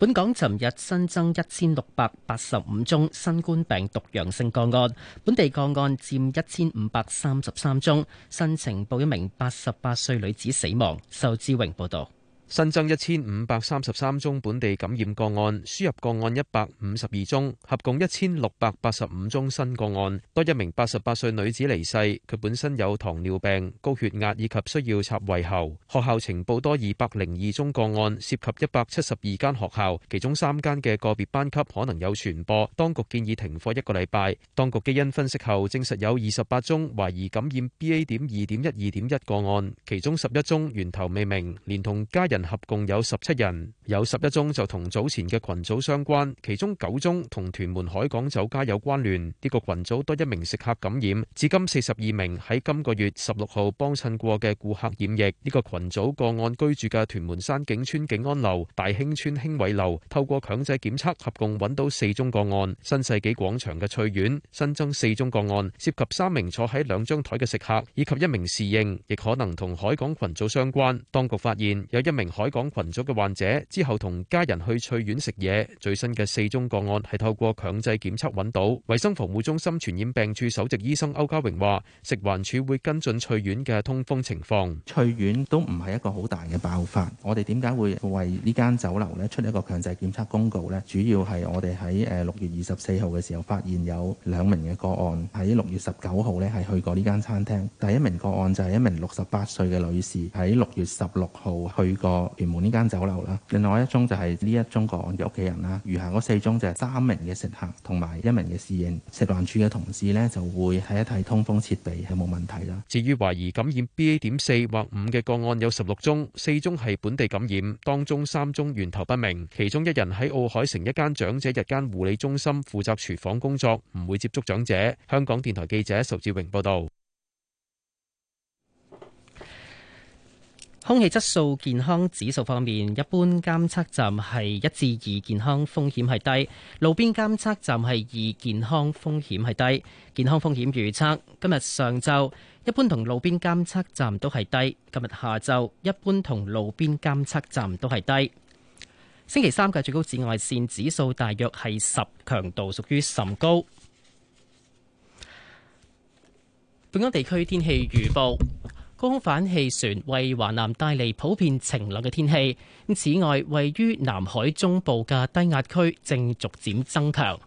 本港尋日新增一千六百八十五宗新冠病毒陽性個案，本地個案佔一千五百三十三宗。新呈報一名八十八歲女子死亡。仇志榮報道。新增一千五百三十三宗本地感染個案，輸入個案一百五十二宗，合共一千六百八十五宗新個案。多一名八十八歲女子離世，佢本身有糖尿病、高血壓以及需要插胃喉。學校呈報多二百零二宗個案，涉及一百七十二間學校，其中三間嘅個別班級可能有傳播。當局建議停課一個禮拜。當局基因分析後證實有二十八宗懷疑感染 BA. 點二點一二點一個案，其中十一宗源頭未明，連同家人，合共有十七人，有十一宗就同早前嘅群組相關，其中九宗同屯門海港酒家有關聯。呢個群組多一名食客感染，至今四十二名喺今個月十六號幫襯過嘅顧客染疫。呢個群組個案居住嘅屯門山景村景安樓、大興邨興偉樓，透過強制檢測合共揾到四宗個案。新世紀廣場嘅翠苑新增四宗個案，涉及三名坐喺兩張台嘅食客以及一名侍應，亦可能同海港群組相關。當局發現有一名。海港群組嘅患者之後同家人去翠苑食嘢，最新嘅四宗個案係透過強制檢測揾到。衛生防護中心傳染病處首席醫生歐家榮話：食環署會跟進翠苑嘅通風情況。翠苑都唔係一個好大嘅爆發。我哋點解會為呢間酒樓咧出一個強制檢測公告咧？主要係我哋喺誒六月二十四號嘅時候發現有兩名嘅個案喺六月十九號咧係去過呢間餐廳。第一名個案就係一名六十八歲嘅女士喺六月十六號去過。屯門呢間酒樓啦，另外一宗就係呢一宗個案嘅屋企人啦，餘下嗰四宗就係三名嘅食客同埋一名嘅侍應，食環署嘅同事呢，就會睇一睇通風設備有冇問題啦。至於懷疑感染 BA. 點四或五嘅個案有十六宗，四宗係本地感染，當中三宗源頭不明，其中一人喺奧海城一間長者日間護理中心負責廚房工作，唔會接觸長者。香港電台記者仇志榮報道。空氣質素健康指數方面，一般監測站係一至二，健康風險係低；路邊監測站係二，健康風險係低。健康風險預測，今日上晝，一般同路邊監測站都係低；今日下晝，一般同路邊監測站都係低。星期三嘅最高紫外綫指數大約係十，強度屬於甚高。本港地區天氣預報。高空反氣旋為華南帶嚟普遍晴朗嘅天氣。此外，位於南海中部嘅低壓區正逐漸增強。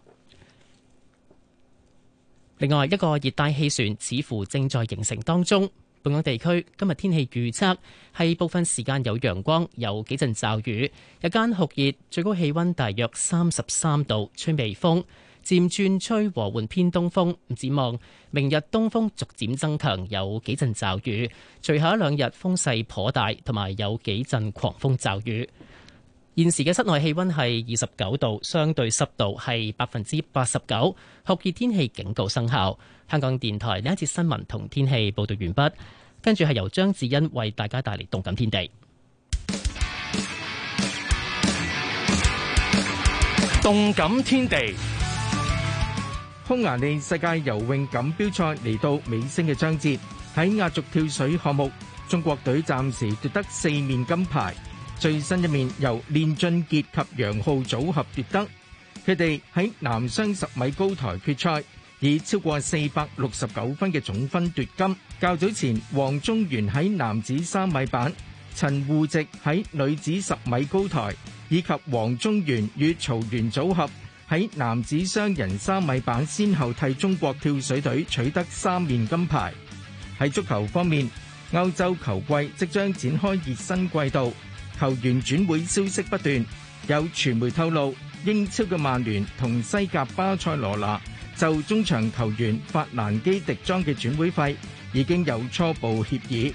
另外一個熱帶氣旋似乎正在形成當中。本港地區今日天氣預測係部分時間有陽光，有幾陣驟雨，日間酷熱，最高氣温大約三十三度，吹微風。漸轉吹和緩偏東風，唔展望明日東風逐漸增強，有幾陣驟雨。隨後一兩日風勢頗大，同埋有幾陣狂風驟雨。現時嘅室內氣溫係二十九度，相對濕度係百分之八十九，酷熱天氣警告生效。香港電台呢一節新聞同天氣報道完畢，跟住係由張志欣為大家帶嚟動感天地。動感天地。匈牙利世界游泳錦標賽嚟到尾聲嘅章節，喺壓軸跳水項目，中國隊暫時奪得四面金牌。最新一面由練俊傑及楊昊組合奪得，佢哋喺男雙十米高台決賽以超過四百六十九分嘅總分奪金。較早前，王宗源喺男子三米板，陳芋汐喺女子十米高台，以及王宗源與曹緣組合。喺男子雙人三米板先後替中國跳水隊取得三面金牌。喺足球方面，歐洲球季即將展開熱身季度，球員轉會消息不斷。有傳媒透露，英超嘅曼聯同西甲巴塞羅那就中場球員法蘭基迪莊嘅轉會費已經有初步協議。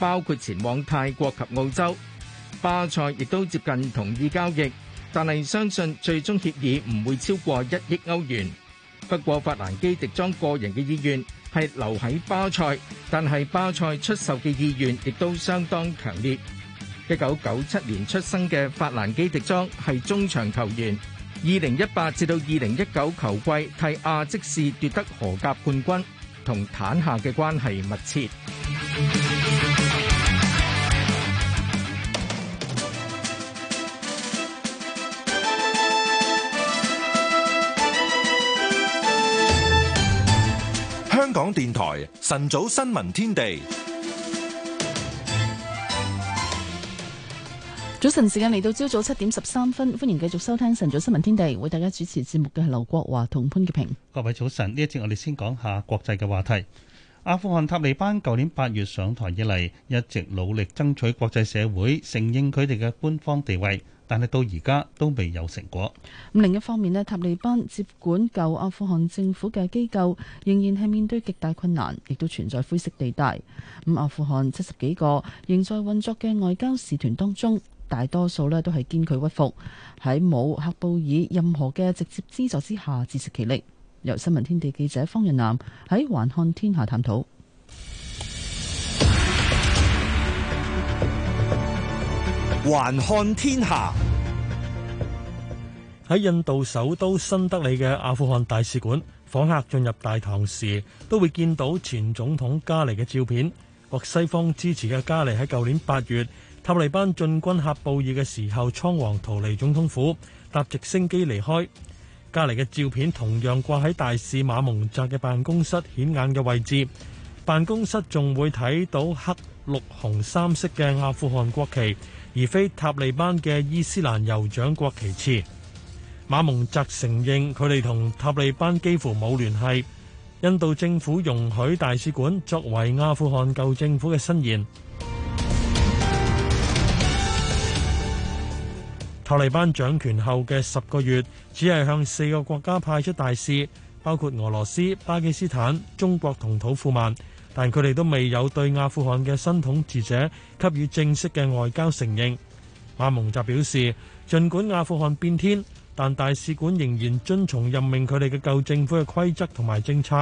包括前往泰國及澳洲，巴塞亦都接近同意交易，但係相信最終協議唔會超過一億歐元。不過，法蘭基迪莊個人嘅意願係留喺巴塞，但係巴塞出售嘅意願亦都相當強烈。一九九七年出生嘅法蘭基迪莊係中場球員，二零一八至到二零一九球季替亞積士奪得荷甲冠軍，同坦下嘅關係密切。晨早新聞天地，早晨時間嚟到朝早七點十三分，歡迎繼續收聽晨早新聞天地，為大家主持節目嘅係劉國華同潘潔平。各位早晨，呢一節我哋先講下國際嘅話題。阿富汗塔利班舊年八月上台以嚟，一直努力爭取國際社會承認佢哋嘅官方地位。但係到而家都未有成果。咁另一方面咧，塔利班接管舊阿富汗政府嘅機構，仍然係面對極大困難，亦都存在灰色地帶。咁阿富汗七十幾個仍在運作嘅外交使團當中，大多數咧都係堅拒屈服喺冇喀布爾任何嘅直接資助之下，自食其力。由新聞天地記者方日南喺環看天下探討。環看天下喺印度首都新德里嘅阿富汗大使館，訪客進入大堂時都會見到前總統加尼嘅照片。獲西方支持嘅加尼喺舊年八月塔利班進軍喀布爾嘅時候倉皇逃離總統府，搭直升機離開。加尼嘅照片同樣掛喺大使馬蒙澤嘅辦公室顯眼嘅位置。辦公室仲會睇到黑、綠、紅三色嘅阿富汗國旗。而非塔利班嘅伊斯蘭酋長國其次，馬蒙則承認佢哋同塔利班幾乎冇聯繫。印度政府容許大使館作為阿富汗舊政府嘅伸延。 [MUSIC] 塔利班掌權後嘅十個月，只係向四個國家派出大使，包括俄羅斯、巴基斯坦、中國同土庫曼。但佢哋都未有對阿富汗嘅新統治者給予正式嘅外交承認。阿蒙就表示，儘管阿富汗變天，但大使館仍然遵從任命佢哋嘅舊政府嘅規則同埋政策。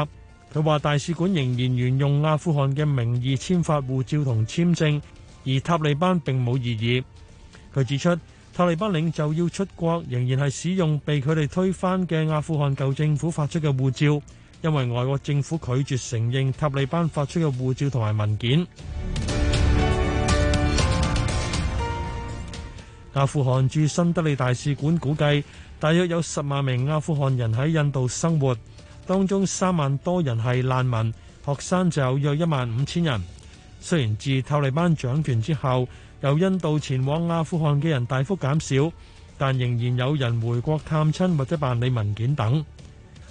佢話大使館仍然沿用阿富汗嘅名義簽發護照同簽證，而塔利班並冇異議。佢指出，塔利班領袖要出國，仍然係使用被佢哋推翻嘅阿富汗舊政府發出嘅護照。因為外國政府拒絕承認塔利班發出嘅護照同埋文件，阿富汗駐新德里大使館估計，大約有十萬名阿富汗人喺印度生活，當中三萬多人係難民，學生就有約一萬五千人。雖然自塔利班掌權之後，由印度前往阿富汗嘅人大幅減少，但仍然有人回國探親或者辦理文件等。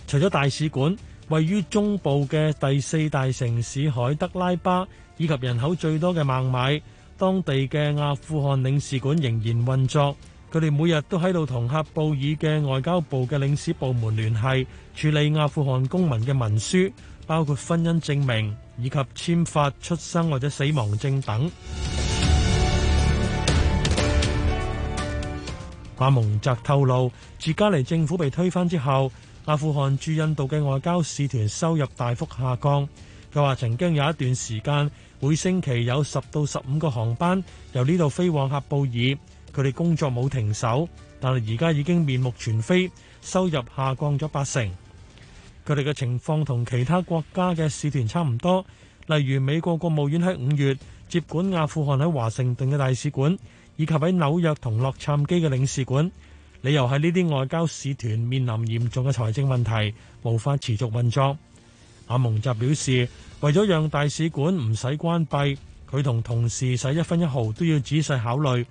除咗大使館，位於中部嘅第四大城市海德拉巴以及人口最多嘅孟買，當地嘅阿富汗領事館仍然運作。佢哋每日都喺度同喀布爾嘅外交部嘅領事部門聯繫，處理阿富汗公民嘅文書，包括婚姻證明以及簽發出生或者死亡證等。馬蒙澤透露，自加尼政府被推翻之後。阿富汗駐印度嘅外交使團收入大幅下降。佢話曾經有一段時間每星期有十到十五個航班由呢度飛往喀布爾，佢哋工作冇停手，但係而家已經面目全非，收入下降咗八成。佢哋嘅情況同其他國家嘅使團差唔多，例如美國國務院喺五月接管阿富汗喺華盛頓嘅大使館，以及喺紐約同洛杉磯嘅領事館。理由係呢啲外交使團面臨嚴重嘅財政問題，無法持續運作。阿蒙澤表示，為咗讓大使館唔使關閉，佢同同事使一分一毫都要仔細考慮。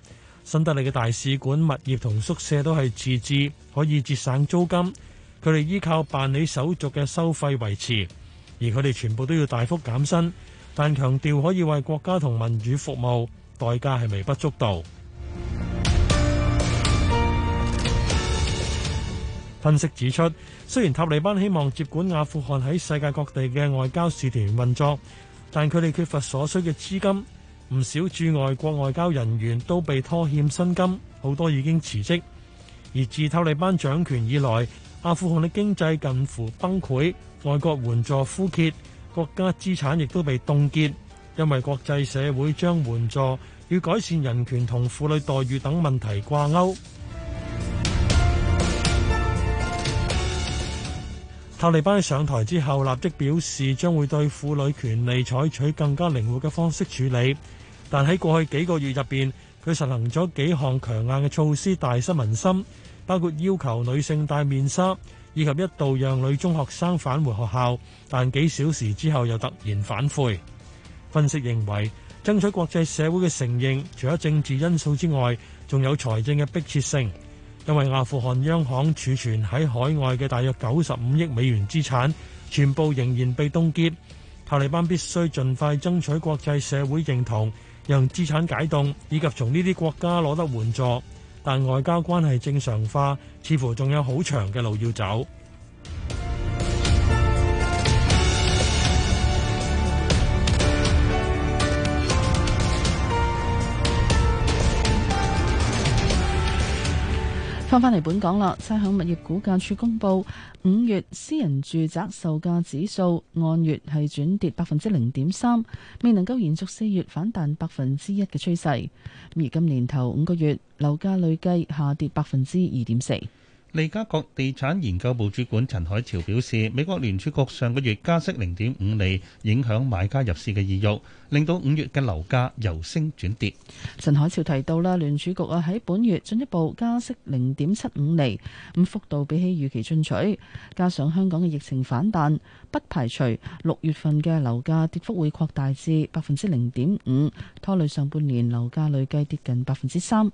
新德里嘅大使館物業同宿舍都係自置，可以節省租金。佢哋依靠辦理手續嘅收費維持，而佢哋全部都要大幅減薪，但強調可以為國家同民主服務，代價係微不足道。分析指出，雖然塔利班希望接管阿富汗喺世界各地嘅外交使團運作，但佢哋缺乏所需嘅資金，唔少駐外國外交人員都被拖欠薪金，好多已經辭職。而自塔利班掌權以來，阿富汗嘅經濟近乎崩潰，外國援助枯竭，國家資產亦都被凍結，因為國際社會將援助與改善人權同婦女待遇等問題掛鈎。塔利班上台之後立即表示將會對婦女權利採取更加靈活嘅方式處理，但喺過去幾個月入邊，佢實行咗幾項強硬嘅措施，大失民心，包括要求女性戴面紗以及一度讓女中學生返回學校，但幾小時之後又突然反悔。分析認為爭取國際社會嘅承認除咗政治因素之外，仲有財政嘅迫切性。因為阿富汗央行儲存喺海外嘅大約九十五億美元資產，全部仍然被凍結。塔利班必須盡快爭取國際社會認同，讓資產解凍，以及從呢啲國家攞得援助。但外交關係正常化，似乎仲有好長嘅路要走。翻返嚟本港啦，差餉物業估價署公布五月私人住宅售價指數按月係轉跌百分之零點三，未能夠延續四月反彈百分之一嘅趨勢。而今年頭五個月樓價累計下跌百分之二點四。利嘉閣地產研究部主管陳海潮表示，美國聯儲局上個月加息零0五厘影響買家入市嘅意欲，令到五月嘅樓價由升轉跌。陳海潮提到啦，聯儲局啊喺本月進一步加息0.75釐，咁幅度比起預期進取，加上香港嘅疫情反彈，不排除六月份嘅樓價跌幅會擴大至百分之零點五，拖累上半年樓價累計跌近百分之三。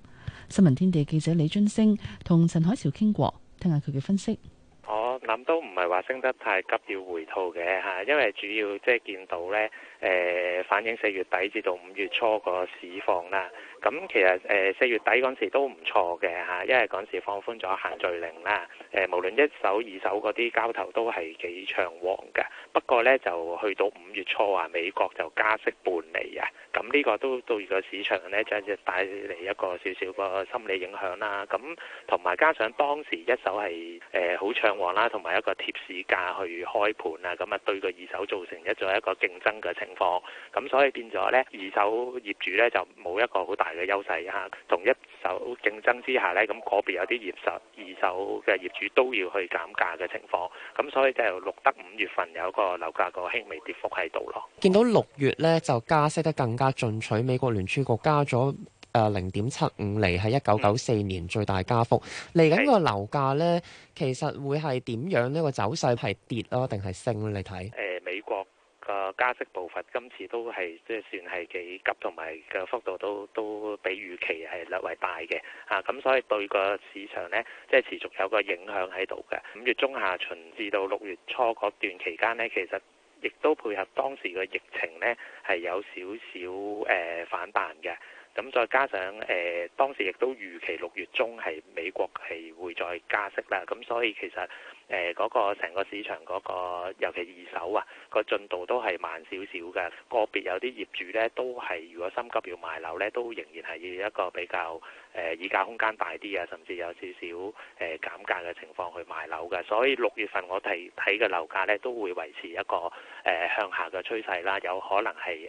新聞天地記者李津升同陳海潮傾過，聽下佢嘅分析。我諗都唔係話升得太急要回吐嘅吓，因為主要即係見到咧，誒反映四月底至到五月初個市況啦。咁其實誒四月底嗰陣時都唔錯嘅吓，因為嗰陣時放寬咗限聚令啦，誒無論一手二手嗰啲交投都係幾暢旺嘅。不過呢，就去到五月初啊，美國就加息半釐啊，咁呢個都對而個市場呢就帶嚟一個少少個心理影響啦。咁同埋加上當時一手係誒好暢旺啦，同埋一個貼市價去開盤啊，咁啊對個二手造成一再一個競爭嘅情況。咁所以變咗呢，二手業主呢就冇一個好大嘅優勢吓，同一手競爭之下咧，咁個別有啲現時二手嘅業主都要去減價嘅情況，咁所以就錄得五月份有個樓價個輕微跌幅喺度咯。見到六月咧，就加息得更加進取，美國聯儲局加咗誒，零點七五厘，係一九九四年，最大加幅。嚟緊個樓價咧，其實會係點樣？呢個走勢係跌咯定係升你睇？誒，美國。個加息步伐今次都係即係算係幾急，同埋個幅度都都比預期係略為大嘅。啊，咁所以對個市場呢，即係持續有個影響喺度嘅。五月中下旬至到六月初嗰段期間呢，其實亦都配合當時嘅疫情呢，係有少少誒、呃、反彈嘅。咁再加上誒、呃、當時亦都預期六月中係美國係會再加息啦，咁所以其實。誒嗰、呃那個成個市場嗰、那個，尤其二手啊，個進度都係慢少少嘅。個別有啲業主咧，都係如果心急要賣樓咧，都仍然係要一個比較誒議、呃、價空間大啲啊，甚至有少少誒、呃、減價嘅情況去賣樓嘅。所以六月份我提睇嘅樓價咧，都會維持一個誒、呃、向下嘅趨勢啦，有可能係誒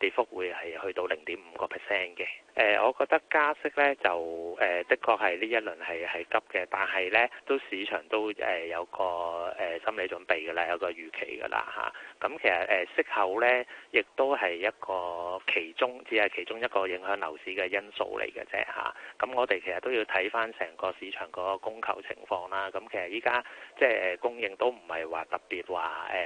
跌幅會係去到零點五個 percent 嘅。誒、呃，我覺得加息咧就誒、呃，的確係呢一輪係係急嘅，但係咧都市場都誒。有個誒、呃、心理準備嘅啦，有個預期嘅啦吓，咁、啊嗯、其實誒、呃、息口咧，亦都係一個其中只係其中一個影響樓市嘅因素嚟嘅啫吓，咁、啊嗯、我哋其實都要睇翻成個市場個供求情況啦。咁、嗯、其實依家即係供應都唔係話特別話誒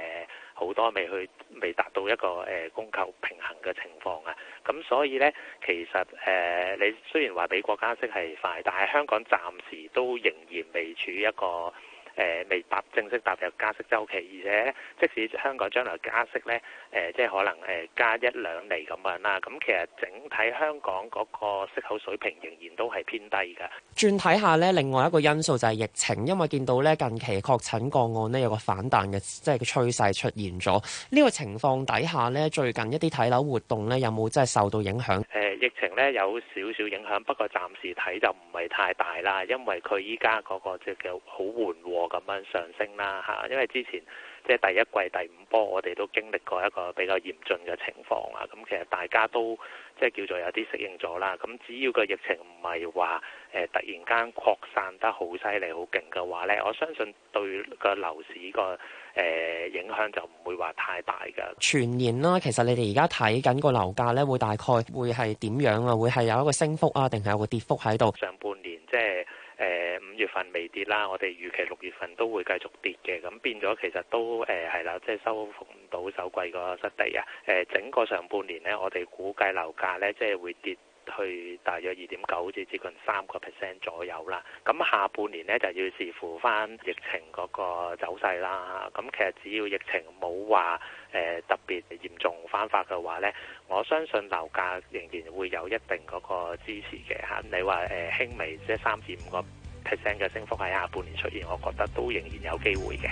好多未，未去未達到一個誒、呃、供求平衡嘅情況啊。咁、嗯、所以咧，其實誒、呃、你雖然話比國家息係快，但係香港暫時都仍然未處於一個。誒、呃、未達正式踏入加息週期，而且即使香港將來加息咧，誒、呃、即係可能誒加一兩厘咁樣啦。咁、嗯、其實整體香港嗰個息口水平仍然都係偏低嘅。轉睇下咧，另外一個因素就係疫情，因為見到咧近期確診個案咧有個反彈嘅，即係個趨勢出現咗。呢、這個情況底下咧，最近一啲睇樓活動咧有冇真係受到影響？誒、呃。疫情呢有少少影響，不過暫時睇就唔係太大啦，因為佢依家嗰個即係叫好緩和咁樣上升啦嚇。因為之前即係第一季第五波，我哋都經歷過一個比較嚴峻嘅情況啦。咁其實大家都即係叫做有啲適應咗啦。咁只要個疫情唔係話誒突然間擴散得好犀利、好勁嘅話呢，我相信對個樓市個。誒、呃、影響就唔會話太大㗎。全年啦，其實你哋而家睇緊個樓價咧，會大概會係點樣啊？會係有一個升幅啊，定係會跌幅喺度？上半年即係誒五月份未跌啦，我哋預期六月份都會繼續跌嘅。咁變咗其實都誒係啦，即係收復唔到首季個失地啊。誒、呃、整個上半年咧，我哋估計樓價咧即係會跌。去大約二點九至接近三個 percent 左右啦。咁下半年呢，就要視乎翻疫情嗰個走勢啦。咁其實只要疫情冇話誒特別嚴重翻發嘅話呢，我相信樓價仍然會有一定嗰個支持嘅嚇。你話誒輕微即係三至五個 percent 嘅升幅喺下半年出現，我覺得都仍然有機會嘅。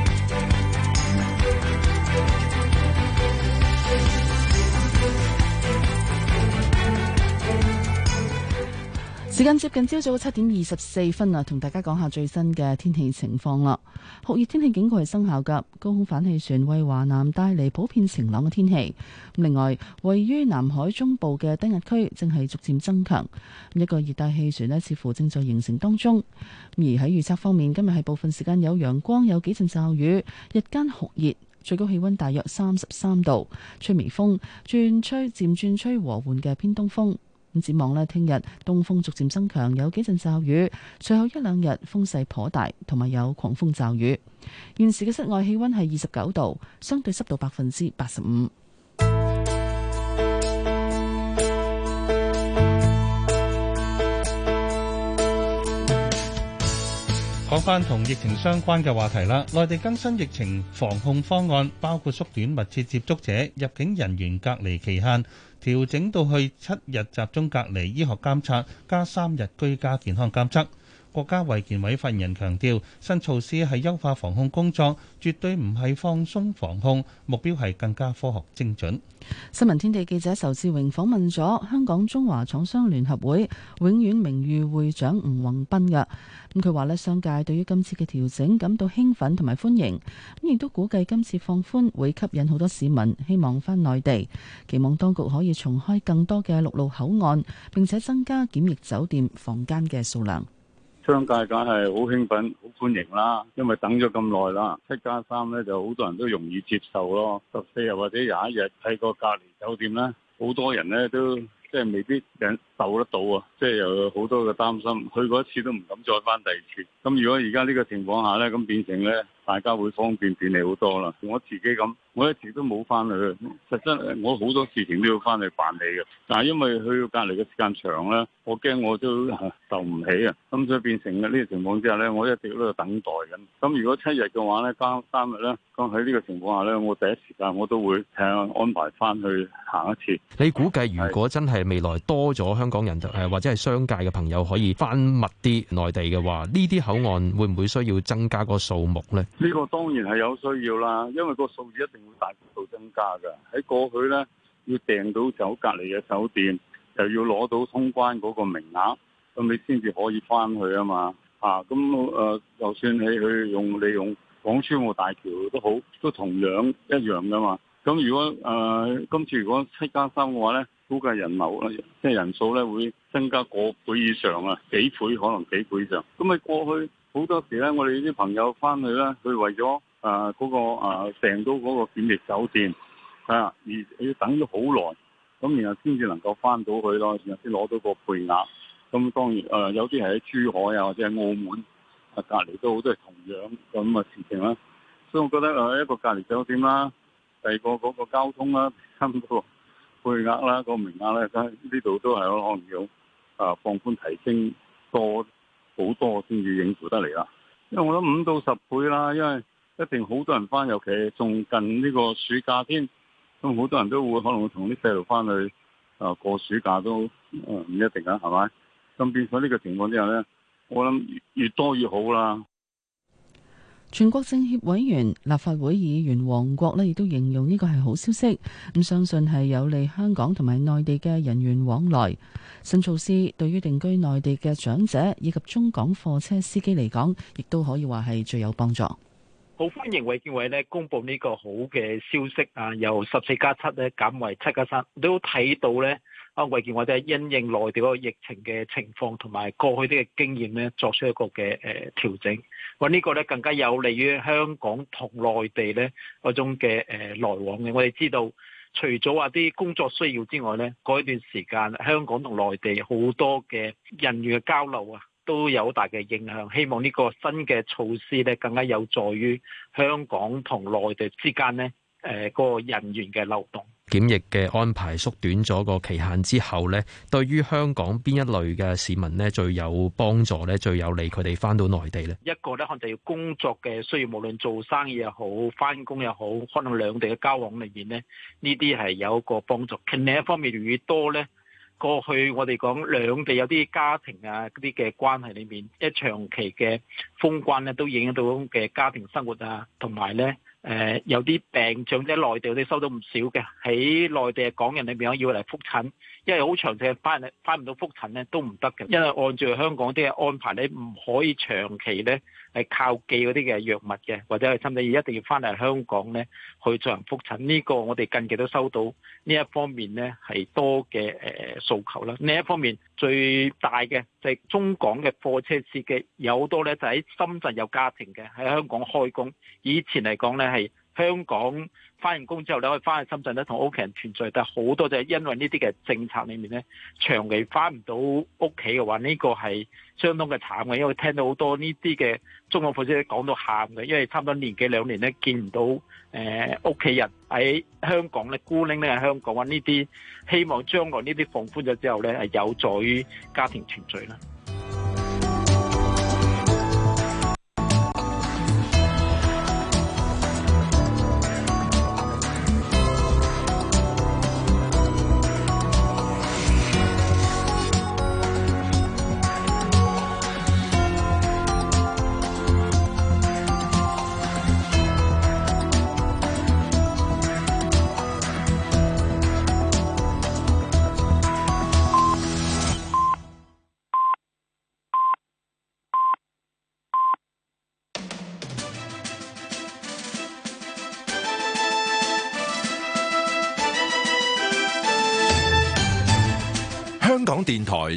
[MUSIC] 時間接近朝早七點二十四分啊，同大家講下最新嘅天氣情況啦。酷熱天氣警告係生效㗎，高空反氣旋為華南帶嚟普遍晴朗嘅天氣。另外，位於南海中部嘅低壓區正係逐漸增強，一個熱帶氣旋呢似乎正在形成當中。而喺預測方面，今日係部分時間有陽光，有幾陣驟雨，日間酷熱，最高氣温大約三十三度，吹微風，轉吹，漸轉吹和緩嘅偏東風。咁展望呢，聽日東風逐漸增強，有幾陣驟雨。隨後一兩日風勢頗大，同埋有狂風驟雨。現時嘅室外氣溫係二十九度，相對濕度百分之八十五。講返同疫情相關嘅話題啦，內地更新疫情防控方案，包括縮短密切接觸者入境人員隔離期限。調整到去七日集中隔離醫學監測，加三日居家健康監測。國家衛健委發言人強調，新措施係優化防控工作，絕對唔係放鬆防控，目標係更加科學精準。新聞天地記者仇志榮訪問咗香港中華廠商聯合會永遠名譽會長吳宏斌嘅咁，佢話呢，商界對於今次嘅調整感到興奮同埋歡迎，咁亦都估計今次放寬會吸引好多市民希望返內地，期望當局可以重開更多嘅陸路口岸，並且增加檢疫酒店房間嘅數量。商界梗係好興奮、好歡迎啦，因為等咗咁耐啦。七加三咧，3，就好多人都容易接受咯。十四日或者廿一日喺個隔離酒店啦，好多人咧都即係未必受得到啊！即係有好多嘅擔心，去過一次都唔敢再返第二次。咁如果而家呢個情況下咧，咁變成咧。大家會方便便利好多啦。我自己咁，我一直都冇翻去。實質我好多事情都要翻去辦理嘅，但係因為去隔離嘅時間長啦，我驚我都受唔起啊。咁所以變成呢個情況之下咧，我一直都喺度等待咁。咁如果七日嘅話咧，翻三日咧，咁喺呢個情況下咧，我第一時間我都會請安排翻去行一次。你估計如果真係未來多咗香港人誒，或者係商界嘅朋友可以翻密啲內地嘅話，呢啲口岸會唔會需要增加個數目咧？呢個當然係有需要啦，因為個數字一定會大幅度增加噶。喺過去呢，要訂到酒隔籬嘅酒店，又要攞到通關嗰個名額，咁你先至可以翻去啊嘛。啊，咁誒、呃，就算你去用你用港珠澳大橋都好，都同樣一樣噶嘛。咁如果誒、呃、今次如果七加三嘅話呢，估計人流即係人數呢，會增加個倍以上啊，幾倍可能幾倍以上。咁咪過去？好多時咧，我哋啲朋友翻去咧，佢為咗啊嗰個成都、呃、到嗰個簡易酒店啊，而要等咗好耐，咁然後先至能夠翻到去咯，然後先攞到個配額。咁當然誒、呃，有啲係喺珠海啊，或者喺澳門啊隔離都好多係同樣咁嘅事情啦。所以，我覺得誒一個隔離酒店啦，第二個嗰個交通啦，差唔多配額啦，個名額咧，呢呢度都係可能要啊、呃、放寬提升多。好多先至應付得嚟啦，因為我諗五到十倍啦，因為一定好多人翻，尤其仲近呢個暑假添，咁好多人都會可能會同啲細路翻去，誒過暑假都誒唔一定啊，係咪？咁變咗呢個情況之後咧，我諗越越多越好啦。全國政協委員、立法會議員黃國呢亦都形容呢個係好消息，咁相信係有利香港同埋內地嘅人員往來。新措施對於定居內地嘅長者以及中港貨車司機嚟講，亦都可以話係最有幫助。好歡迎衛健委呢公布呢個好嘅消息啊！由十四加七咧減為七加三，都睇到呢，啊衛健委都因應內地個疫情嘅情況同埋過去啲嘅經驗咧，作出一個嘅誒調整。我呢個咧，更加有利於香港同內地咧嗰種嘅誒來往嘅。我哋知道，除咗話啲工作需要之外咧，嗰一段時間香港同內地好多嘅人員嘅交流啊，都有好大嘅影響。希望呢個新嘅措施咧，更加有助於香港同內地之間咧誒嗰個人員嘅流動。檢疫嘅安排縮短咗個期限之後咧，對於香港邊一類嘅市民咧，最有幫助咧，最有利佢哋翻到內地咧？一個咧，可能就係工作嘅需要，無論做生意又好，翻工又好，可能兩地嘅交往裏面咧，呢啲係有一個幫助。另一方面越嚟越多咧，過去我哋講兩地有啲家庭啊，嗰啲嘅關係裏面，一長期嘅封關咧，都影響到嘅家庭生活啊，同埋咧。誒、呃、有啲病象，即係內地我哋收到唔少嘅，喺內地嘅港人裏邊要嚟復診。因為好長時間翻嚟翻唔到覆診咧，都唔得嘅。因為按照香港啲嘅安排咧，你唔可以長期咧係靠寄嗰啲嘅藥物嘅，或者係甚至一定要翻嚟香港咧去進行覆診。呢個我哋近期都收到呢一方面咧係多嘅誒訴求啦。另一方面最大嘅就係中港嘅貨車司機有好多咧，就喺深圳有家庭嘅喺香港開工，以前嚟講咧係。香港翻完工之後你可以翻去深圳咧同屋企人團聚，但係好多就係因為呢啲嘅政策裏面咧，長期翻唔到屋企嘅話，呢個係相當嘅慘嘅，因為聽到好多呢啲嘅中國父親講到喊嘅，因為差唔多年幾兩年咧見唔到誒屋企人喺香港咧孤零咧喺香港啊，呢啲希望將來呢啲放寬咗之後咧係有助於家庭團聚啦。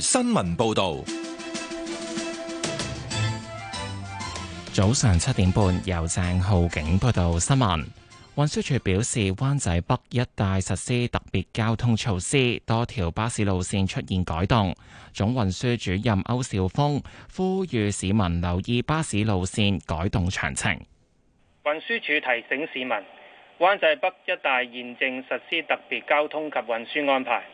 新聞報道，早上七點半由鄭浩景報道新聞。運輸署表示，灣仔北一帶實施特別交通措施，多條巴士路線出現改動。總運輸主任歐兆峰呼籲市民留意巴士路線改動詳情。運輸署提醒市民，灣仔北一帶現正實施特別交通及運輸安排，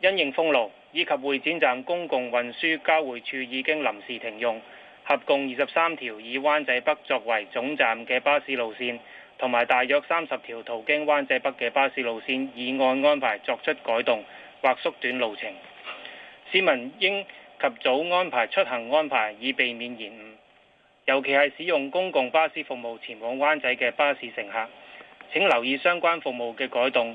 因應封路。以及會展站公共運輸交匯處已經臨時停用，合共二十三條以灣仔北作為總站嘅巴士路線，同埋大約三十條途經灣仔北嘅巴士路線，以按安排作出改動或縮短路程。市民應及早安排出行安排，以避免延誤。尤其係使用公共巴士服務前往灣仔嘅巴士乘客，請留意相關服務嘅改動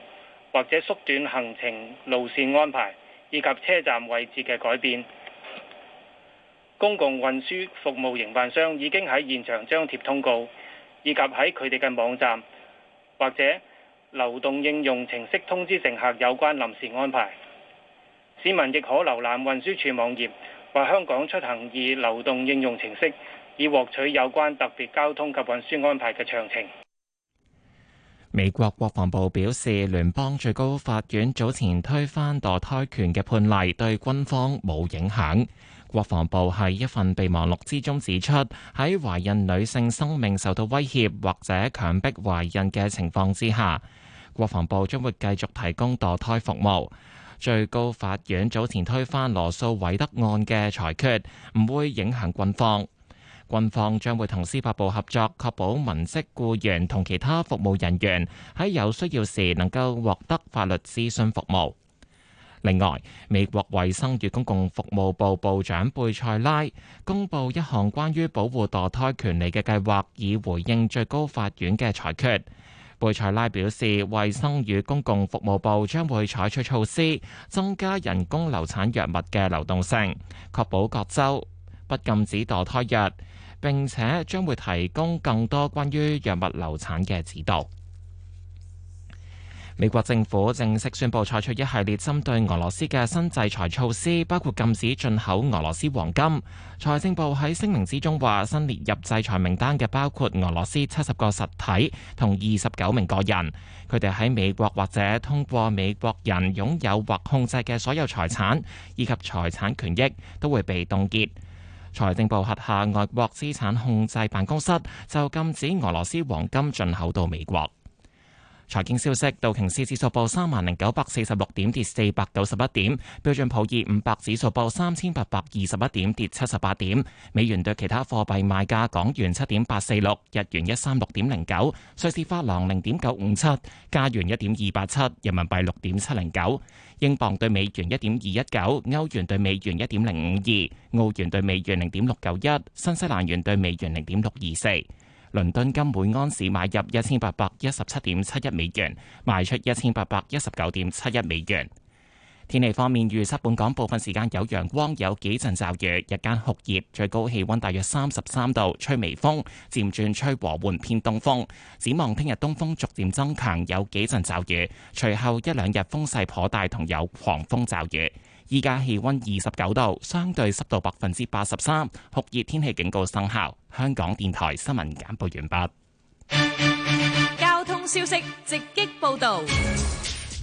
或者縮短行程路線安排。以及車站位置嘅改變，公共運輸服務營辦商已經喺現場張貼通告，以及喺佢哋嘅網站或者流動應用程式通知乘客有關臨時安排。市民亦可瀏覽運輸署網頁或香港出行易流動應用程式，以獲取有關特別交通及運輸安排嘅詳情。美國國防部表示，聯邦最高法院早前推翻墮胎權嘅判例對軍方冇影響。國防部喺一份備忘錄之中指出，喺懷孕女性生命受到威脅或者強迫懷孕嘅情況之下，國防部將會繼續提供墮胎服務。最高法院早前推翻羅素·韋德案嘅裁決，唔會影響軍方。軍方將會同司法部合作，確保文職雇員同其他服務人員喺有需要時能夠獲得法律諮詢服務。另外，美國衞生與公共服務部部長貝塞拉公布一項關於保護墮胎權利嘅計劃，以回應最高法院嘅裁決。貝塞拉表示，衞生與公共服務部將會採取措施，增加人工流產藥物嘅流動性，確保各州不禁止墮胎藥。並且將會提供更多關於藥物流產嘅指導。美國政府正式宣布採取一系列針對俄羅斯嘅新制裁措施，包括禁止進口俄羅斯黃金。財政部喺聲明之中話，新列入制裁名單嘅包括俄羅斯七十個實體同二十九名個人，佢哋喺美國或者通過美國人擁有或控制嘅所有財產以及財產權益都會被凍結。財政部轄下外國資產控制辦公室就禁止俄羅斯黃金進口到美國。財經消息：道瓊斯指數報三萬零九百四十六點，跌四百九十一點；標準普爾五百指數報三千八百二十一點，跌七十八點。美元對其他貨幣賣價：港元七點八四六，日元一三六點零九，瑞士法郎零點九五七，加元一點二八七，人民幣六點七零九。英鎊對美元一點二一九，歐元對美元一點零五二，澳元對美元零點六九一，新西蘭元對美元零點六二四。倫敦金每安士買入一千八百一十七點七一美元，賣出一千八百一十九點七一美元。天氣方面，預測本港部分時間有陽光，有幾陣驟雨，日間酷熱，最高氣溫大約三十三度，吹微風，漸轉吹和緩偏東風。展望聽日東風逐漸增強，有幾陣驟雨，隨後一兩日風勢頗大，同有狂風驟雨。依家氣溫二十九度，相對濕度百分之八十三，酷熱天氣警告生效。香港電台新聞簡報完畢。交通消息直擊報道。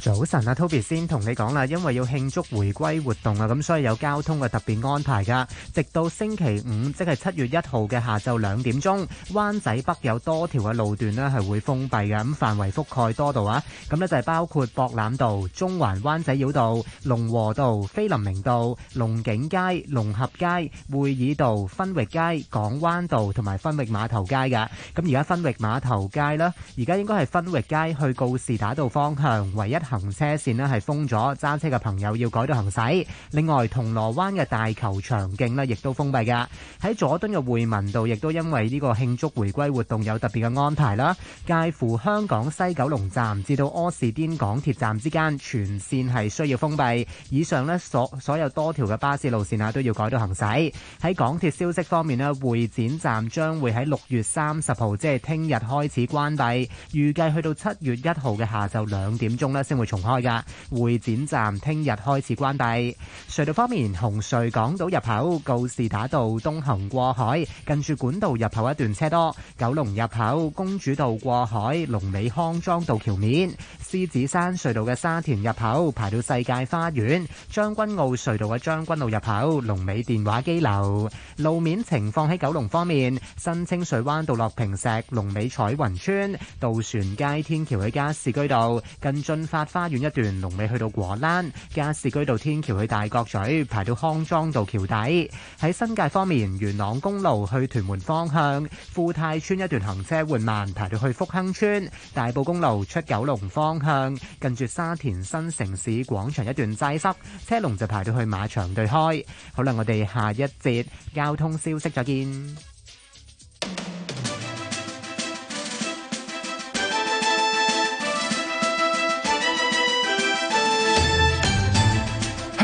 早晨啊，Toby 先同你講啦，因為要慶祝回歸活動啊，咁所以有交通嘅特別安排噶。直到星期五，即係七月一號嘅下晝兩點鐘，灣仔北有多條嘅路段咧係會封閉嘅，咁範圍覆蓋多度啊。咁咧就係包括博覽道、中環灣仔繞道、龍和道、菲林明道、龍景街、龍合街、會議道、分域街、港灣道同埋分域碼頭街噶。咁而家分域碼頭街咧，而家應該係分域街去告士打道方向唯一行車線呢係封咗，揸車嘅朋友要改道行駛。另外，銅鑼灣嘅大球場徑呢亦都封閉嘅。喺佐敦嘅匯民道亦都因為呢個慶祝回歸活動有特別嘅安排啦，介乎香港西九龍站至到柯士甸港鐵站之間全線係需要封閉。以上呢，所所有多條嘅巴士路線啊都要改道行駛。喺港鐵消息方面呢，會展站將會喺六月三十號，即係聽日開始關閉，預計去到七月一號嘅下晝兩點鐘咧。會重開噶，會展站聽日開始關閉。隧道方面，紅隧港島入口告士打道東行過海，近住管道入口一段車多；九龍入口公主道過海，龍尾康莊道橋面；獅子山隧道嘅沙田入口排到世界花園，將軍澳隧道嘅將軍澳入口龍尾電話機樓。路面情況喺九龍方面，新清水灣道落坪石，龍尾彩雲村，渡船街天橋嘅加士居道近駿發。花園一段龍尾去到果欄，加士居道天橋去大角咀排到康莊道橋底；喺新界方面，元朗公路去屯門方向，富泰村一段行車緩慢，排到去福亨村；大埔公路出九龍方向，近住沙田新城市廣場一段擠塞，車龍就排到去馬場對開。好啦，我哋下一節交通消息再見。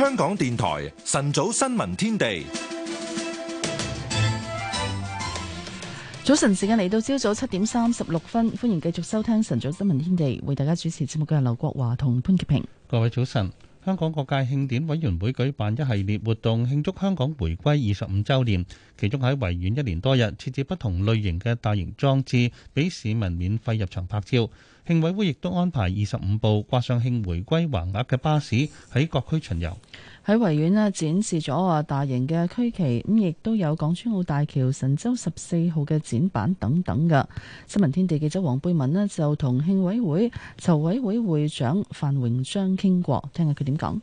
香港電台晨早新聞天地，早晨時間嚟到朝早七點三十六分，歡迎繼續收聽晨早新聞天地，為大家主持節目嘅係劉國華同潘潔平。各位早晨，香港各界慶典委員會舉辦一系列活動慶祝香港回歸二十五周年，其中喺維園一年多日設置不同類型嘅大型裝置，俾市民免費入場拍照。慶委會亦都安排二十五部掛上慶回歸橫額嘅巴士喺各區巡遊，喺維園咧展示咗啊大型嘅區旗，咁亦都有港珠澳大橋、神舟十四號嘅展板等等嘅。新聞天地記者黃貝文咧就同慶委會籌委會會，會長范榮章傾過，聽下佢點講。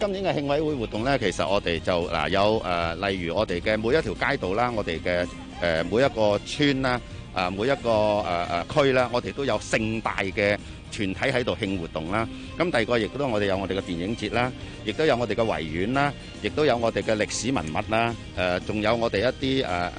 今年嘅慶委會活動呢，其實我哋就嗱有誒、呃，例如我哋嘅每一條街道啦，我哋嘅誒每一個村啦。啊！每一個誒誒區啦，我哋都有盛大嘅團體喺度慶活動啦。咁第二個亦都我哋有我哋嘅電影節啦，亦都有我哋嘅維園啦，亦都有我哋嘅歷史文物啦。誒，仲有我哋一啲誒誒誒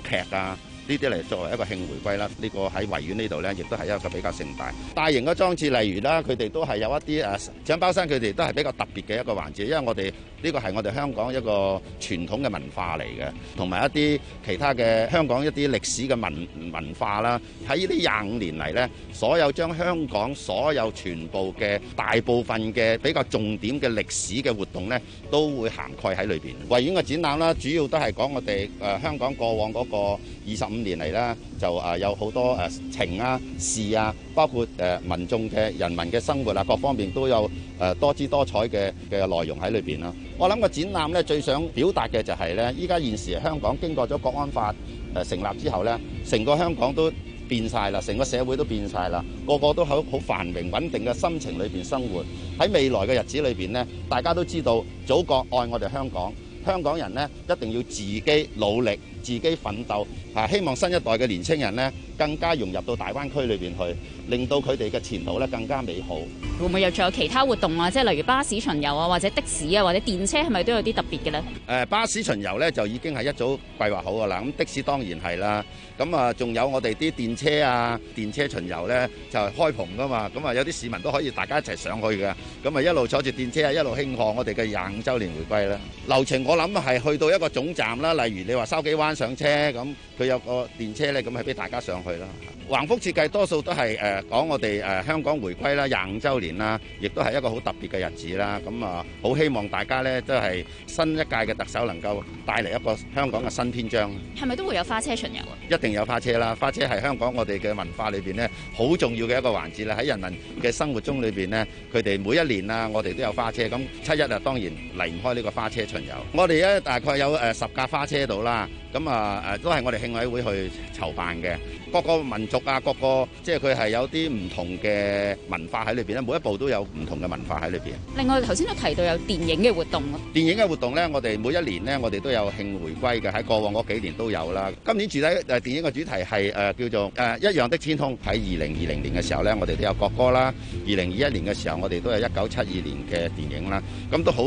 歌劇啊，呢啲嚟作為一個慶回歸啦。呢個喺維園呢度咧，亦都係一個比較盛大大型嘅裝置，例如啦，佢哋都係有一啲誒搶包山，佢哋都係比較特別嘅一個環節，因為我哋。呢個係我哋香港一個傳統嘅文化嚟嘅，同埋一啲其他嘅香港一啲歷史嘅文文化啦。喺呢廿五年嚟呢，所有將香港所有全部嘅大部分嘅比較重點嘅歷史嘅活動呢，都會涵蓋喺裏邊。維園嘅展覽啦，主要都係講我哋誒香港過往嗰個二十五年嚟啦，就啊有好多誒情啊事啊，包括誒民眾嘅人民嘅生活啊，各方面都有誒多姿多彩嘅嘅內容喺裏邊啊。我諗個展覽咧，最想表達嘅就係咧，依家現時香港經過咗國安法誒、呃、成立之後咧，成個香港都變晒啦，成個社會都變晒啦，個個都喺好繁榮穩定嘅心情裏邊生活。喺未來嘅日子裏邊咧，大家都知道祖國愛我哋香港，香港人咧一定要自己努力。自己奮鬥啊！希望新一代嘅年青人咧，更加融入到大灣區裏邊去，令到佢哋嘅前途咧更加美好。會唔會有仲有其他活動啊？即係例如巴士巡遊啊，或者的士啊，或者電車係咪都有啲特別嘅咧？誒，巴士巡遊咧就已經係一早計劃好㗎啦。咁的士當然係啦。咁啊，仲有我哋啲電車啊，電車巡遊咧就係開篷㗎嘛。咁啊，有啲市民都可以大家一齊上去嘅。咁啊，一路坐住電車啊，一路慶賀我哋嘅廿五週年回歸啦。流程我諗係去到一個總站啦，例如你話筲箕灣。上車咁，佢有個電車呢咁係俾大家上去啦。橫幅設計多數都係誒、呃、講我哋誒、呃、香港回歸啦，廿五週年啦，亦都係一個好特別嘅日子啦。咁啊，好、呃、希望大家呢都係新一屆嘅特首能夠帶嚟一個香港嘅新篇章。係咪都會有花車巡遊啊？一定有花車啦！花車係香港我哋嘅文化裏邊呢好重要嘅一個環節啦。喺人民嘅生活中裏邊呢，佢哋每一年啊，我哋都有花車，咁七一啊，當然離唔開呢個花車巡遊。我哋呢、呃、大概有誒、呃、十架花車到啦。咁啊誒，都係我哋慶委會去籌辦嘅。各個民族啊，各個即係佢係有啲唔同嘅文化喺裏邊咧。每一步都有唔同嘅文化喺裏邊。另外頭先都提到有電影嘅活動咯。電影嘅活動咧，我哋每一年咧，我哋都有慶回歸嘅。喺過往嗰幾年都有啦。今年主打誒電影嘅主題係誒叫做誒一樣的天空。喺二零二零年嘅時候咧，我哋都有國歌啦。二零二一年嘅時候，我哋都有一九七二年嘅電影啦。咁都好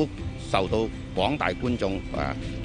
受到廣大觀眾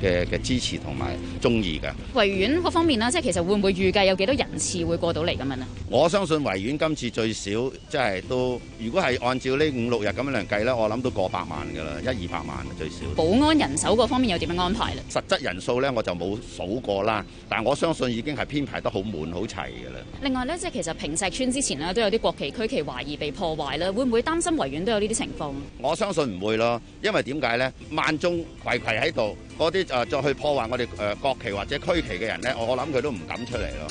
誒嘅嘅支持同埋中意嘅。維園嗰方面呢，即係其實會唔會預計有幾多人次會過到嚟咁樣呢？我相信維園今次最少即係都，如果係按照呢五六日咁樣嚟計呢，我諗都過百萬嘅啦，一二百萬最少。保安人手嗰方面又點樣安排呢？實質人數呢，我就冇數過啦，但係我相信已經係編排得好滿好齊嘅啦。另外呢，即係其實平石村之前呢，都有啲國旗區旗懷疑被破壞啦，會唔會擔心維園都有呢啲情況？我相信唔會咯，因為點解呢？萬眾攜攜喺度，嗰啲就再去破壞我哋誒國旗或者區旗嘅人咧，我我諗佢都唔敢出嚟咯。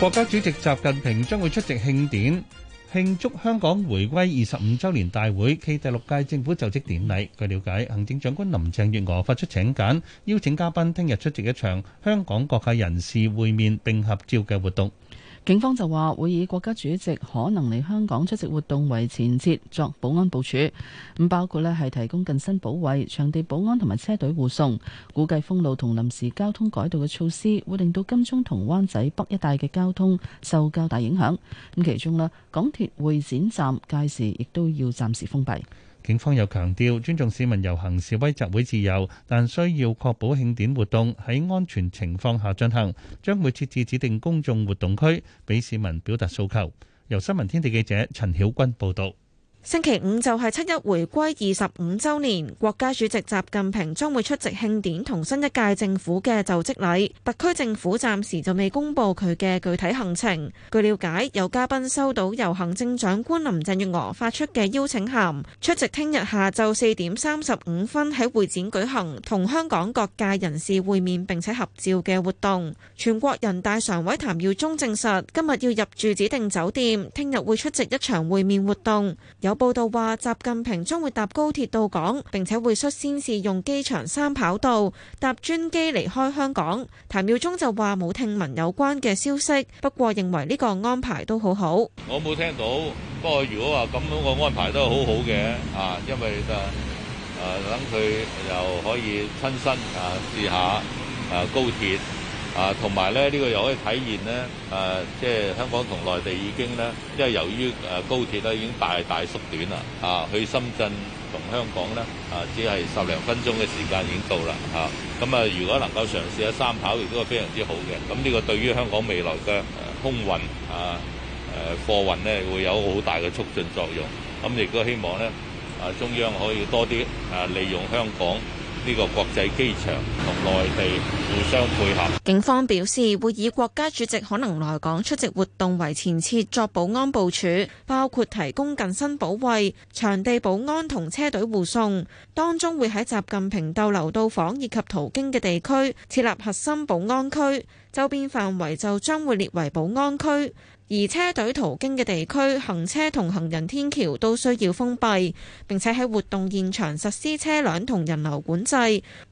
國家主席習近平將會出席慶典。慶祝香港回歸二十五週年大會暨第六屆政府就職典禮。據了解，行政長官林鄭月娥發出請柬，邀請嘉賓聽日出席一場香港各界人士會面並合照嘅活動。警方就話會以國家主席可能嚟香港出席活動為前設，作保安部署。咁包括呢係提供近身保衞、場地保安同埋車隊護送。估計封路同臨時交通改道嘅措施，會令到金鐘同灣仔北一帶嘅交通受較大影響。咁其中呢，港鐵會展站屆時亦都要暫時封閉。警方又強調尊重市民遊行示威集會自由，但需要確保慶典活動喺安全情況下進行，將會設置指定公眾活動區俾市民表達訴求。由新聞天地記者陳曉君報導。星期五就係七一回歸二十五週年，國家主席習近平將會出席慶典同新一屆政府嘅就職禮。特區政府暫時就未公布佢嘅具體行程。據了解，有嘉賓收到由行政長官林鄭月娥發出嘅邀請函，出席聽日下晝四點三十五分喺會展舉行同香港各界人士會面並且合照嘅活動。全國人大常委譚耀宗證實，今日要入住指定酒店，聽日會出席一場會面活動。有報道話，習近平將會搭高鐵到港，並且會率先試用機場三跑道搭專機離開香港。譚耀宗就話冇聽聞有關嘅消息，不過認為呢個安排都好好。我冇聽到，不過如果話咁樣，個安排都好好嘅啊，因為誒誒、啊，等佢又可以親身啊試下誒、啊、高鐵。啊，同埋咧，呢個又可以體現咧，誒、呃，即係香港同內地已經咧，因為由於誒高鐵咧已經大大縮短啦，啊，去深圳同香港咧，啊，只係十零分鐘嘅時間已經到啦，嚇、啊。咁啊，如果能夠嘗試下三跑，亦都係非常之好嘅。咁呢個對於香港未來嘅空運啊，誒、啊、貨運咧，會有好大嘅促進作用。咁亦都希望咧，啊中央可以多啲誒、啊、利用香港。呢個國際機場同內地互相配合。警方表示，會以國家主席可能來港出席活動為前設，作保安部署，包括提供近身保衛、場地保安同車隊護送。當中會喺習近平逗留到訪以及途經嘅地區設立核心保安區，周邊範圍就將會列為保安區。而車隊途經嘅地區，行車同行人天橋都需要封閉，並且喺活動現場實施車輛同人流管制。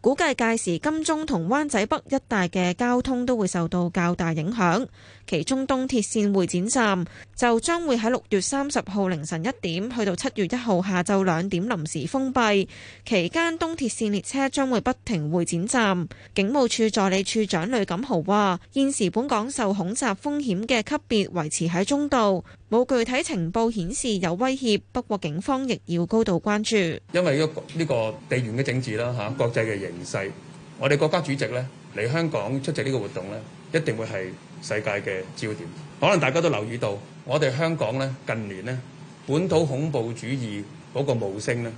估計屆時金鐘同灣仔北一帶嘅交通都會受到較大影響，其中東鐵綫會展站就將會喺六月三十號凌晨一點去到七月一號下晝兩點臨時封閉，期間東鐵綫列車將會不停會展站。警務處助理處長呂錦豪話，現時本港受恐襲風險嘅級別維持喺中度，冇具體情報顯示有威脅，不過警方亦要高度關注。因為呢個地緣嘅政治啦，吓國際嘅形勢，我哋國家主席咧嚟香港出席呢個活動咧，一定會係世界嘅焦點。可能大家都留意到，我哋香港咧近年咧本土恐怖主義嗰個霧聲咧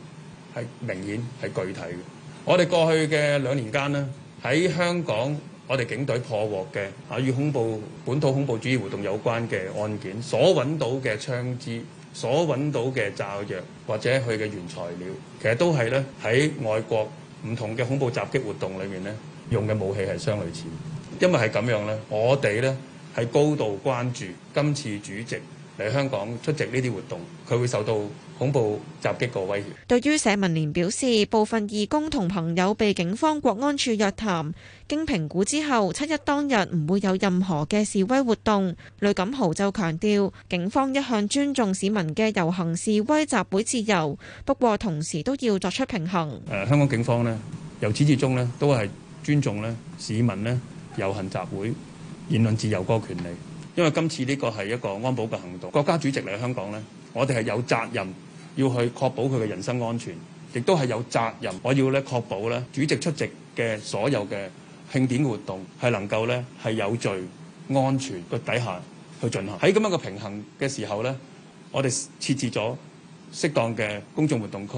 係明顯係具體嘅。我哋過去嘅兩年間咧喺香港。我哋警隊破獲嘅啊，與恐怖本土恐怖主義活動有關嘅案件，所揾到嘅槍支、所揾到嘅炸藥或者佢嘅原材料，其實都係咧喺外國唔同嘅恐怖襲擊活動裏面咧用嘅武器係相類似，因為係咁樣咧，我哋咧係高度關注今次主席。嚟香港出席呢啲活動，佢會受到恐怖襲擊個威脅。對於社民連表示，部分義工同朋友被警方國安處約談，經評估之後，七一當日唔會有任何嘅示威活動。呂錦豪就強調，警方一向尊重市民嘅遊行示威集會自由，不過同時都要作出平衡。誒、啊，香港警方咧，由始至終咧，都係尊重咧市民咧遊行集會言論自由個權利。因為今次呢個係一個安保嘅行動，國家主席嚟香港呢，我哋係有責任要去確保佢嘅人身安全，亦都係有責任我要咧確保咧主席出席嘅所有嘅慶典活動係能夠咧係有序、安全個底下去進行。喺咁樣嘅平衡嘅時候呢，我哋設置咗適當嘅公眾活動區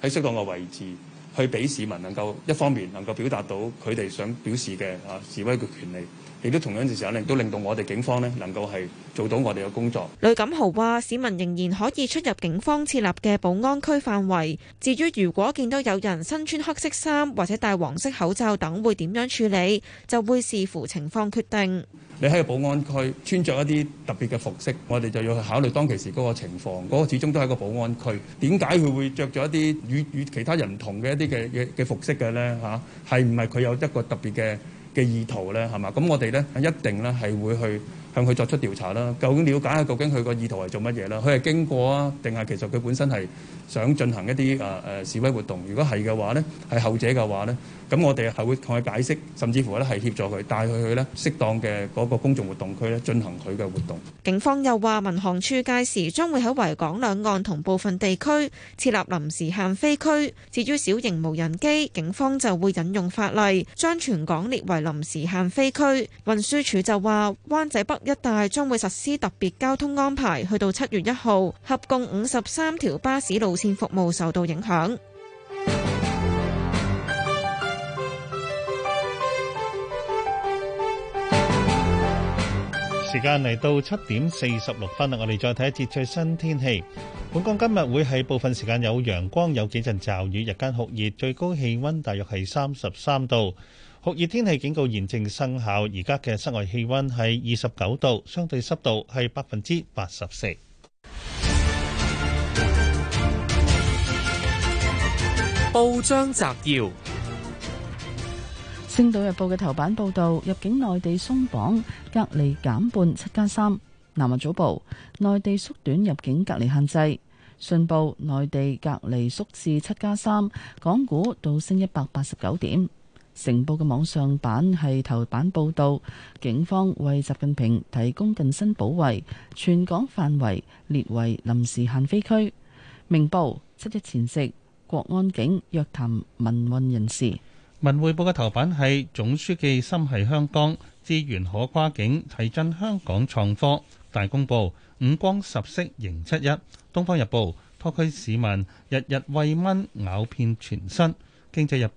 喺適當嘅位置，去俾市民能夠一方面能夠表達到佢哋想表示嘅啊示威嘅權利。亦都同樣嘅時候令都令到我哋警方咧能夠係做到我哋嘅工作。呂錦豪話：市民仍然可以出入警方設立嘅保安區範圍。至於如果見到有人身穿黑色衫或者戴黃色口罩等，會點樣處理？就會視乎情況決定。你喺個保安區穿着一啲特別嘅服飾，我哋就要去考慮當其時嗰個情況。嗰個始終都係一個保安區。點解佢會着咗一啲與與其他人唔同嘅一啲嘅嘅服飾嘅咧？嚇，係唔係佢有一個特別嘅？嘅意圖咧係嘛？咁我哋咧一定咧係會去。向佢作出調查啦，究竟瞭解下究竟佢個意圖係做乜嘢啦，佢係經過啊，定係其實佢本身係想進行一啲誒誒示威活動？如果係嘅話咧，係後者嘅話咧，咁我哋係會同佢解釋，甚至乎咧係協助佢帶佢去咧適當嘅嗰個公眾活動區咧進行佢嘅活動。警方又話，民航處屆時將會喺維港兩岸同部分地區設立臨時限飛區，至於小型無人機，警方就會引用法例將全港列為臨時限飛區。運輸署就話，灣仔北，一帶將會實施特別交通安排，去到七月一號，合共五十三條巴士路線服務受到影響。時間嚟到七點四十六分啦，我哋再睇一節最新天氣。本港今日會係部分時間有陽光，有幾陣驟雨，日間酷熱，最高氣溫大約係三十三度。酷熱天氣警告現正生效，而家嘅室外氣温係二十九度，相對濕度係百分之八十四。報章摘要：《星島日報》嘅頭版報道入境內地鬆綁，隔離減半，七加三。南華早報：內地縮短入境隔離限制。信報：內地隔離縮至七加三。3, 港股倒升一百八十九點。《成報》嘅網上版係頭版報導，警方為習近平提供近身保衞，全港範圍列為臨時限飛區。《明報》，七一前夕，國安警約談民運人士。《文匯報》嘅頭版係總書記心繫香江，資源可跨境提振香港創科。《大公報》五光十色迎七一，《東方日報》拖區市民日日餵蚊，咬遍全身。《經濟日報》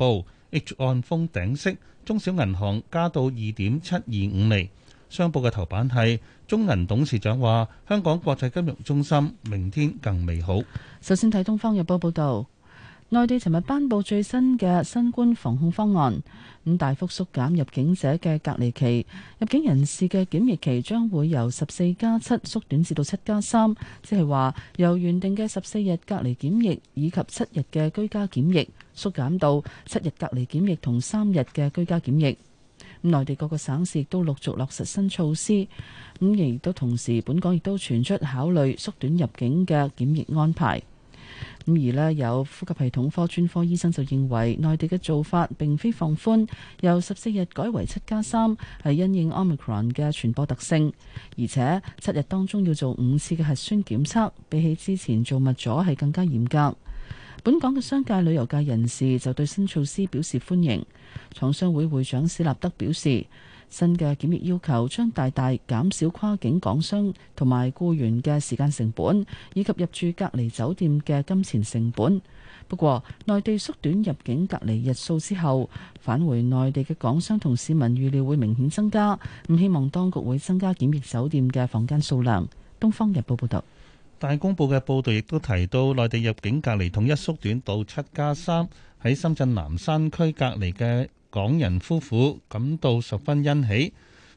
H 按封頂息中小銀行加到二點七二五厘。商報嘅頭版係中銀董事長話：香港國際金融中心明天更美好。首先睇《東方日報》報導，內地尋日頒佈最新嘅新冠防控方案，咁大幅縮減入境者嘅隔離期，入境人士嘅檢疫期將會由十四加七縮短至到七加三，3，即係話由原定嘅十四日隔離檢疫以及七日嘅居家檢疫。縮減到七日隔離檢疫同三日嘅居家檢疫。咁內地各個省市亦都陸續落實新措施，咁亦都同時，本港亦都傳出考慮縮短入境嘅檢疫安排。咁、嗯、而呢，有呼吸系統科專科醫生就認為，內地嘅做法並非放寬，由十四日改為七加三，係因應 Omicron 嘅傳播特性，而且七日當中要做五次嘅核酸檢測，比起之前做密咗係更加嚴格。本港嘅商界、旅遊界人士就對新措施表示歡迎。廠商會會長史立德表示，新嘅檢疫要求將大大減少跨境港商同埋雇員嘅時間成本，以及入住隔離酒店嘅金錢成本。不過，內地縮短入境隔離日數之後，返回內地嘅港商同市民預料會明顯增加。唔希望當局會增加檢疫酒店嘅房間數量。《東方日報》報道。大公報嘅報導亦都提到，內地入境隔離統一縮短到七加三。喺深圳南山區隔離嘅港人夫婦感到十分欣喜。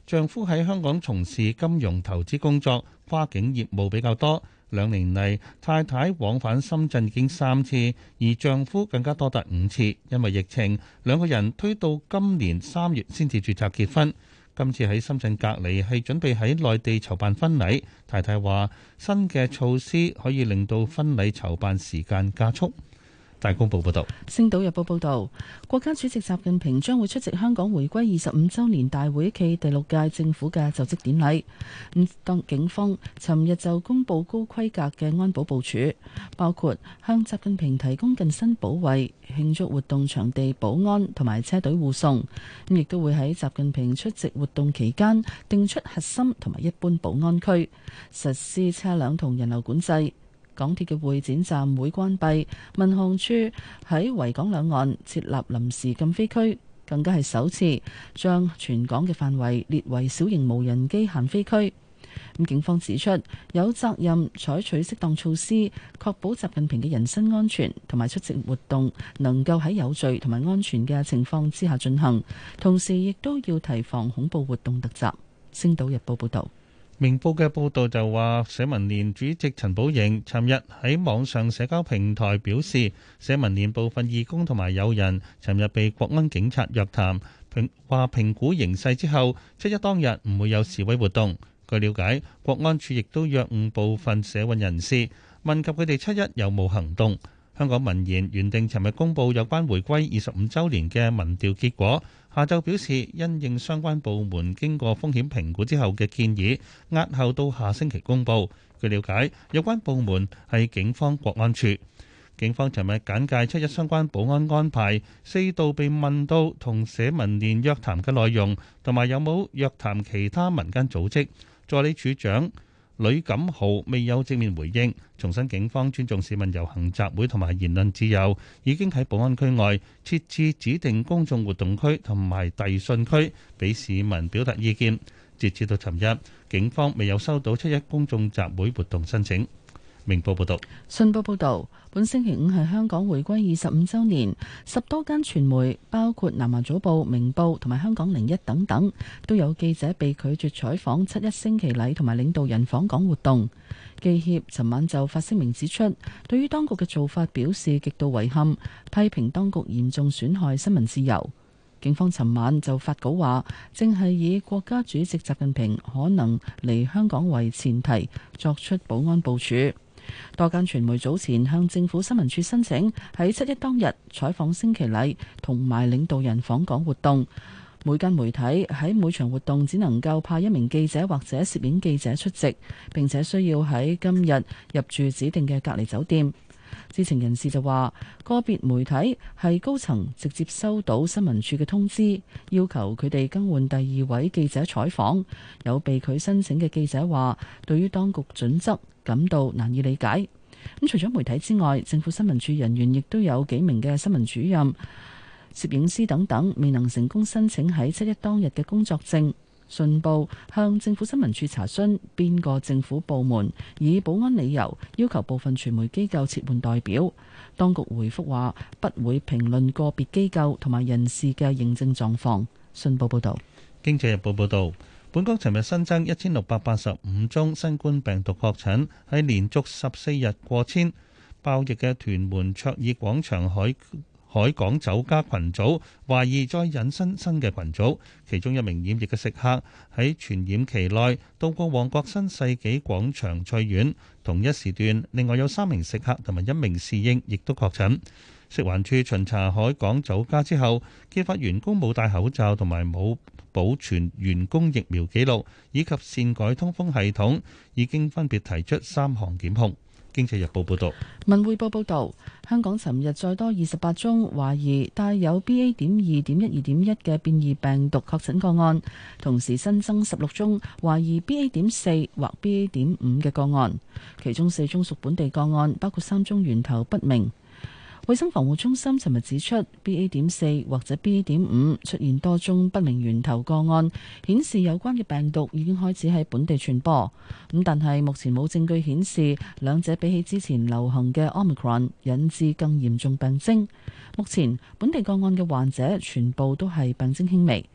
丈夫喺香港從事金融投資工作，跨境業務比較多。兩年嚟，太太往返深圳已經三次，而丈夫更加多達五次。因為疫情，兩個人推到今年三月先至註冊結婚。今次喺深圳隔離，係準備喺內地籌辦婚禮。太太話，新嘅措施可以令到婚禮籌辦時間加速。大公報報道，《星島日報》報道，國家主席習近平將會出席香港回歸二十五周年大會暨第六屆政府嘅就職典禮。咁，當警方尋日就公布高規格嘅安保部署，包括向習近平提供近身保衛、慶祝活動場地保安同埋車隊護送。亦都會喺習近平出席活動期間，定出核心同埋一般保安區，實施車輛同人流管制。港鐵嘅會展站會關閉，民航處喺維港兩岸設立臨時禁飛區，更加係首次將全港嘅範圍列為小型無人機限飛區。咁警方指出，有責任採取適當措施，確保習近平嘅人身安全同埋出席活動能夠喺有序同埋安全嘅情況之下進行，同時亦都要提防恐怖活動突襲。《星島日報》報道。《明報》嘅報導就話，社民連主席陳寶瑩尋日喺網上社交平台表示，社民連部分義工同埋友人尋日被國安警察約談，評話評估形勢之後，七一當日唔會有示威活動。據了解，國安處亦都約晤部分社運人士，問及佢哋七一有冇行動。香港民研原定尋日公佈有關回歸二十五週年嘅民調結果。下晝表示，因應相關部門經過風險評估之後嘅建議，押後到下星期公佈。據了解，有關部門係警方國安處。警方尋日簡介七一相關保安安排。四度被問到同社民連約談嘅內容，同埋有冇約談其他民間組織。助理處長。呂錦豪未有正面回應，重申警方尊重市民遊行集會同埋言論自由，已經喺保安區外設置指定公眾活動區同埋遞信區，俾市民表達意見。截至到尋日，警方未有收到七一公眾集會活動申請。明報報導，信報報導，本星期五係香港回歸二十五週年，十多間傳媒，包括南華早報、明報同埋香港零一等等，都有記者被拒絕採訪七一升旗禮同埋領導人訪港活動。記協尋晚就發聲明指出，對於當局嘅做法表示極度遺憾，批評當局嚴重損害新聞自由。警方尋晚就發稿話，正係以國家主席習近平可能嚟香港為前提作出保安部署。多間傳媒早前向政府新聞處申請喺七一當日採訪升旗禮同埋領導人訪港活動，每間媒體喺每場活動只能夠派一名記者或者攝影記者出席，並且需要喺今日入住指定嘅隔離酒店。知情人士就話，個別媒體係高層直接收到新聞處嘅通知，要求佢哋更換第二位記者採訪。有被拒申請嘅記者話，對於當局準則感到難以理解。咁除咗媒體之外，政府新聞處人員亦都有幾名嘅新聞主任、攝影師等等，未能成功申請喺七一當日嘅工作證。信報向政府新聞處查詢，邊個政府部門以保安理由要求部分傳媒機構撤換代表，當局回覆話不會評論個別機構同埋人士嘅認證狀況。信報報道：《經濟日報》報道，本港尋日新增一千六百八十五宗新冠病毒確診，喺連續十四日過千爆疫嘅屯門卓爾廣場海海港酒家群組懷疑再引申新嘅群組，其中一名染疫嘅食客喺傳染期內到過旺角新世紀廣場翠苑同一時段，另外有三名食客同埋一名侍應亦都確診。食環處巡查海港酒家之後揭發員工冇戴口罩同埋冇保存員工疫苗記錄，以及擅改通風系統，已經分別提出三項檢控。經濟日報報道，文匯報報道，香港尋日再多二十八宗懷疑帶有 BA 點二點一二點一嘅變異病毒確診個案，同時新增十六宗懷疑 BA 點四或 BA 點五嘅個案，其中四宗屬本地個案，包括三宗源頭不明。衛生防護中心尋日指出，BA 點四或者 BA 點五出現多宗不明源頭個案，顯示有關嘅病毒已經開始喺本地傳播。咁但係目前冇證據顯示兩者比起之前流行嘅 Omicron 引致更嚴重病徵。目前本地個案嘅患者全部都係病徵輕微。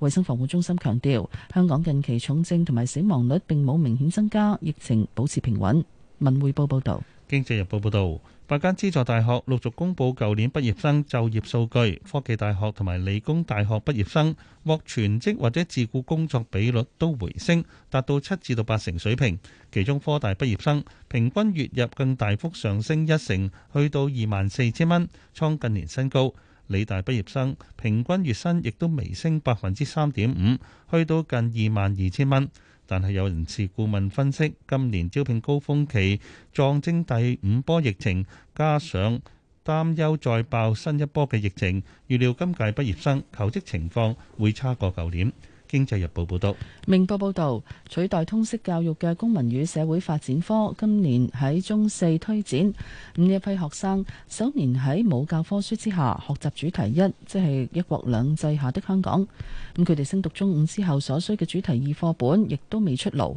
衛生防護中心強調，香港近期重症同埋死亡率並冇明顯增加，疫情保持平穩。文匯報報道，經濟日報報道。八間資助大學陸續公佈舊年畢業生就業數據，科技大學同埋理工大學畢業生獲全職或者自雇工作比率都回升，達到七至到八成水平。其中科大畢業生平均月入更大幅上升一成，去到二萬四千蚊，創近年新高。理大畢業生平均月薪亦都微升百分之三點五，去到近二萬二千蚊。但係有人事顧問分析，今年招聘高峰期撞正第五波疫情，加上擔憂再爆新一波嘅疫情，預料今屆畢業生求職情況會差過舊年。《經濟日報》報導，《明報》報導，取代通識教育嘅公民與社會發展科今年喺中四推展。咁一批學生首年喺冇教科書之下學習主題一，即係一國兩制下的香港。咁佢哋升讀中五之後所需嘅主題二課本，亦都未出爐。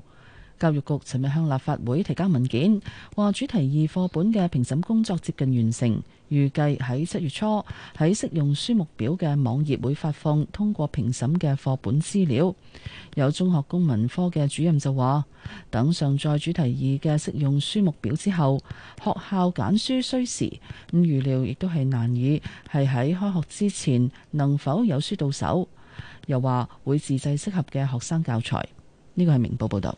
教育局尋日向立法會提交文件，話主題二課本嘅評審工作接近完成，預計喺七月初喺適用書目表嘅網頁會發放通過評審嘅課本資料。有中學公民科嘅主任就話：等上載主題二嘅適用書目表之後，學校揀書需時咁，預料亦都係難以係喺開學之前能否有書到手。又話會自製適合嘅學生教材。呢、這個係明報報導。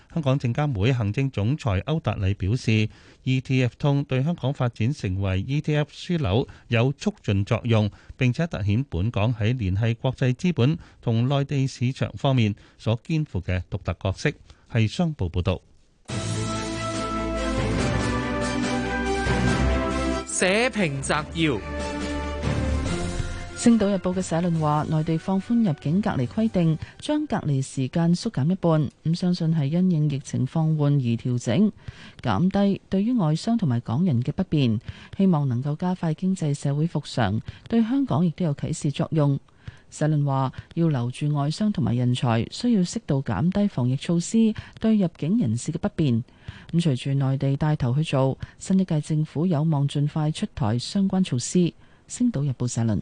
香港證監會行政總裁歐達禮表示，ETF 通對香港發展成為 ETF 樞紐有促進作用，並且突顯本港喺聯繫國際資本同內地市場方面所肩負嘅獨特角色。係商報報導。社評摘要。《星島日報》嘅社論話，內地放寬入境隔離規定，將隔離時間縮減一半，咁相信係因應疫情放緩而調整，減低對於外商同埋港人嘅不便，希望能夠加快經濟社會復常，對香港亦都有啟示作用。社論話，要留住外商同埋人才，需要適度減低防疫措施對入境人士嘅不便。咁隨住內地帶頭去做，新一屆政府有望盡快出台相關措施。《星島日報》社論。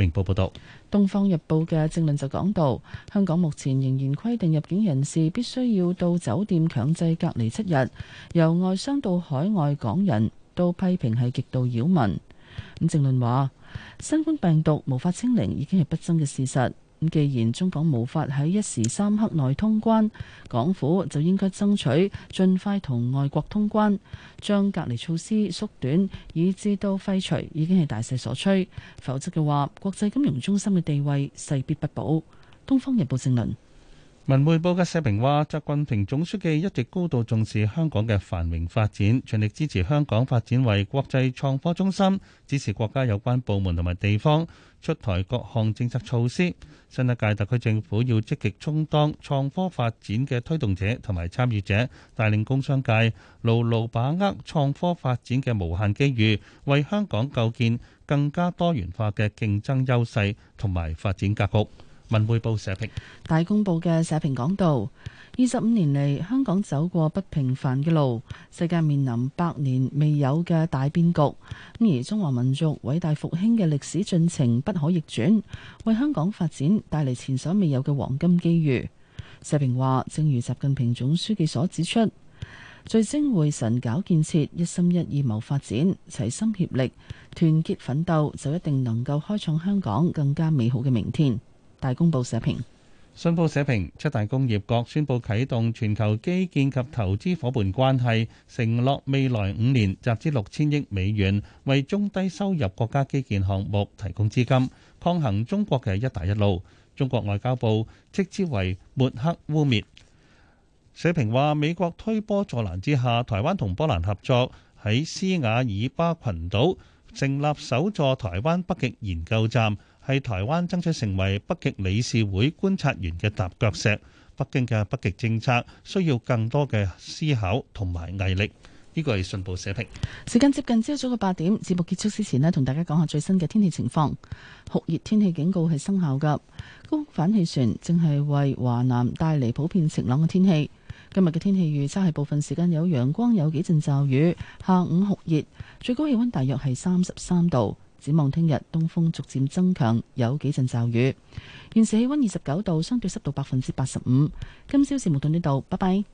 明報報道，《東方日報》嘅正論就講到，香港目前仍然規定入境人士必須要到酒店強制隔離七日，由外商到海外港人都批評係極度擾民。咁正論話，新冠病毒無法清零已經係不爭嘅事實。咁既然中港無法喺一時三刻內通關，港府就應該爭取盡快同外國通關，將隔離措施縮短，以至到廢除，已經係大勢所趨。否則嘅話，國際金融中心嘅地位勢必不保。《東方日報》正論。文匯報嘅社評話：習近平總書記一直高度重視香港嘅繁榮發展，全力支持香港發展為國際創科中心，支持國家有關部門同埋地方出台各項政策措施。新一屆特區政府要積極充當創科發展嘅推動者同埋參與者，帶領工商界牢牢把握創科發展嘅無限機遇，為香港構建更加多元化嘅競爭優勢同埋發展格局。文匯報社評，大公報嘅社評講到：二十五年嚟，香港走過不平凡嘅路，世界面臨百年未有嘅大變局，而中華民族偉大復興嘅歷史進程不可逆轉，為香港發展帶嚟前所未有嘅黃金機遇。社評話：正如習近平總書記所指出，聚精會神搞建設，一心一意謀發展，齊心協力，團結奮鬥，就一定能夠開創香港更加美好嘅明天。大公報社評，信報社評，七大工業國宣布啟動全球基建及投資夥伴關係，承諾未來五年集資六千億美元，為中低收入國家基建項目提供資金，抗衡中國嘅一帶一路。中國外交部即之為抹黑污蔑。社評話：美國推波助瀾之下，台灣同波蘭合作喺斯瓦爾巴群島成立首座台灣北極研究站。係台灣爭取成為北極理事會觀察員嘅踏腳石。北京嘅北極政策需要更多嘅思考同埋毅力。呢個係信報社評。時間接近朝早嘅八點，節目結束之前咧，同大家講下最新嘅天氣情況。酷熱天氣警告係生效噶。高空反氣旋正係為華南帶嚟普遍晴朗嘅天氣。今日嘅天氣預測係部分時間有陽光，有幾陣驟雨。下午酷熱，最高氣溫大約係三十三度。展望聽日東風逐漸增強，有幾陣驟雨。現時氣溫二十九度，相對濕度百分之八十五。今朝節目到呢度，拜拜。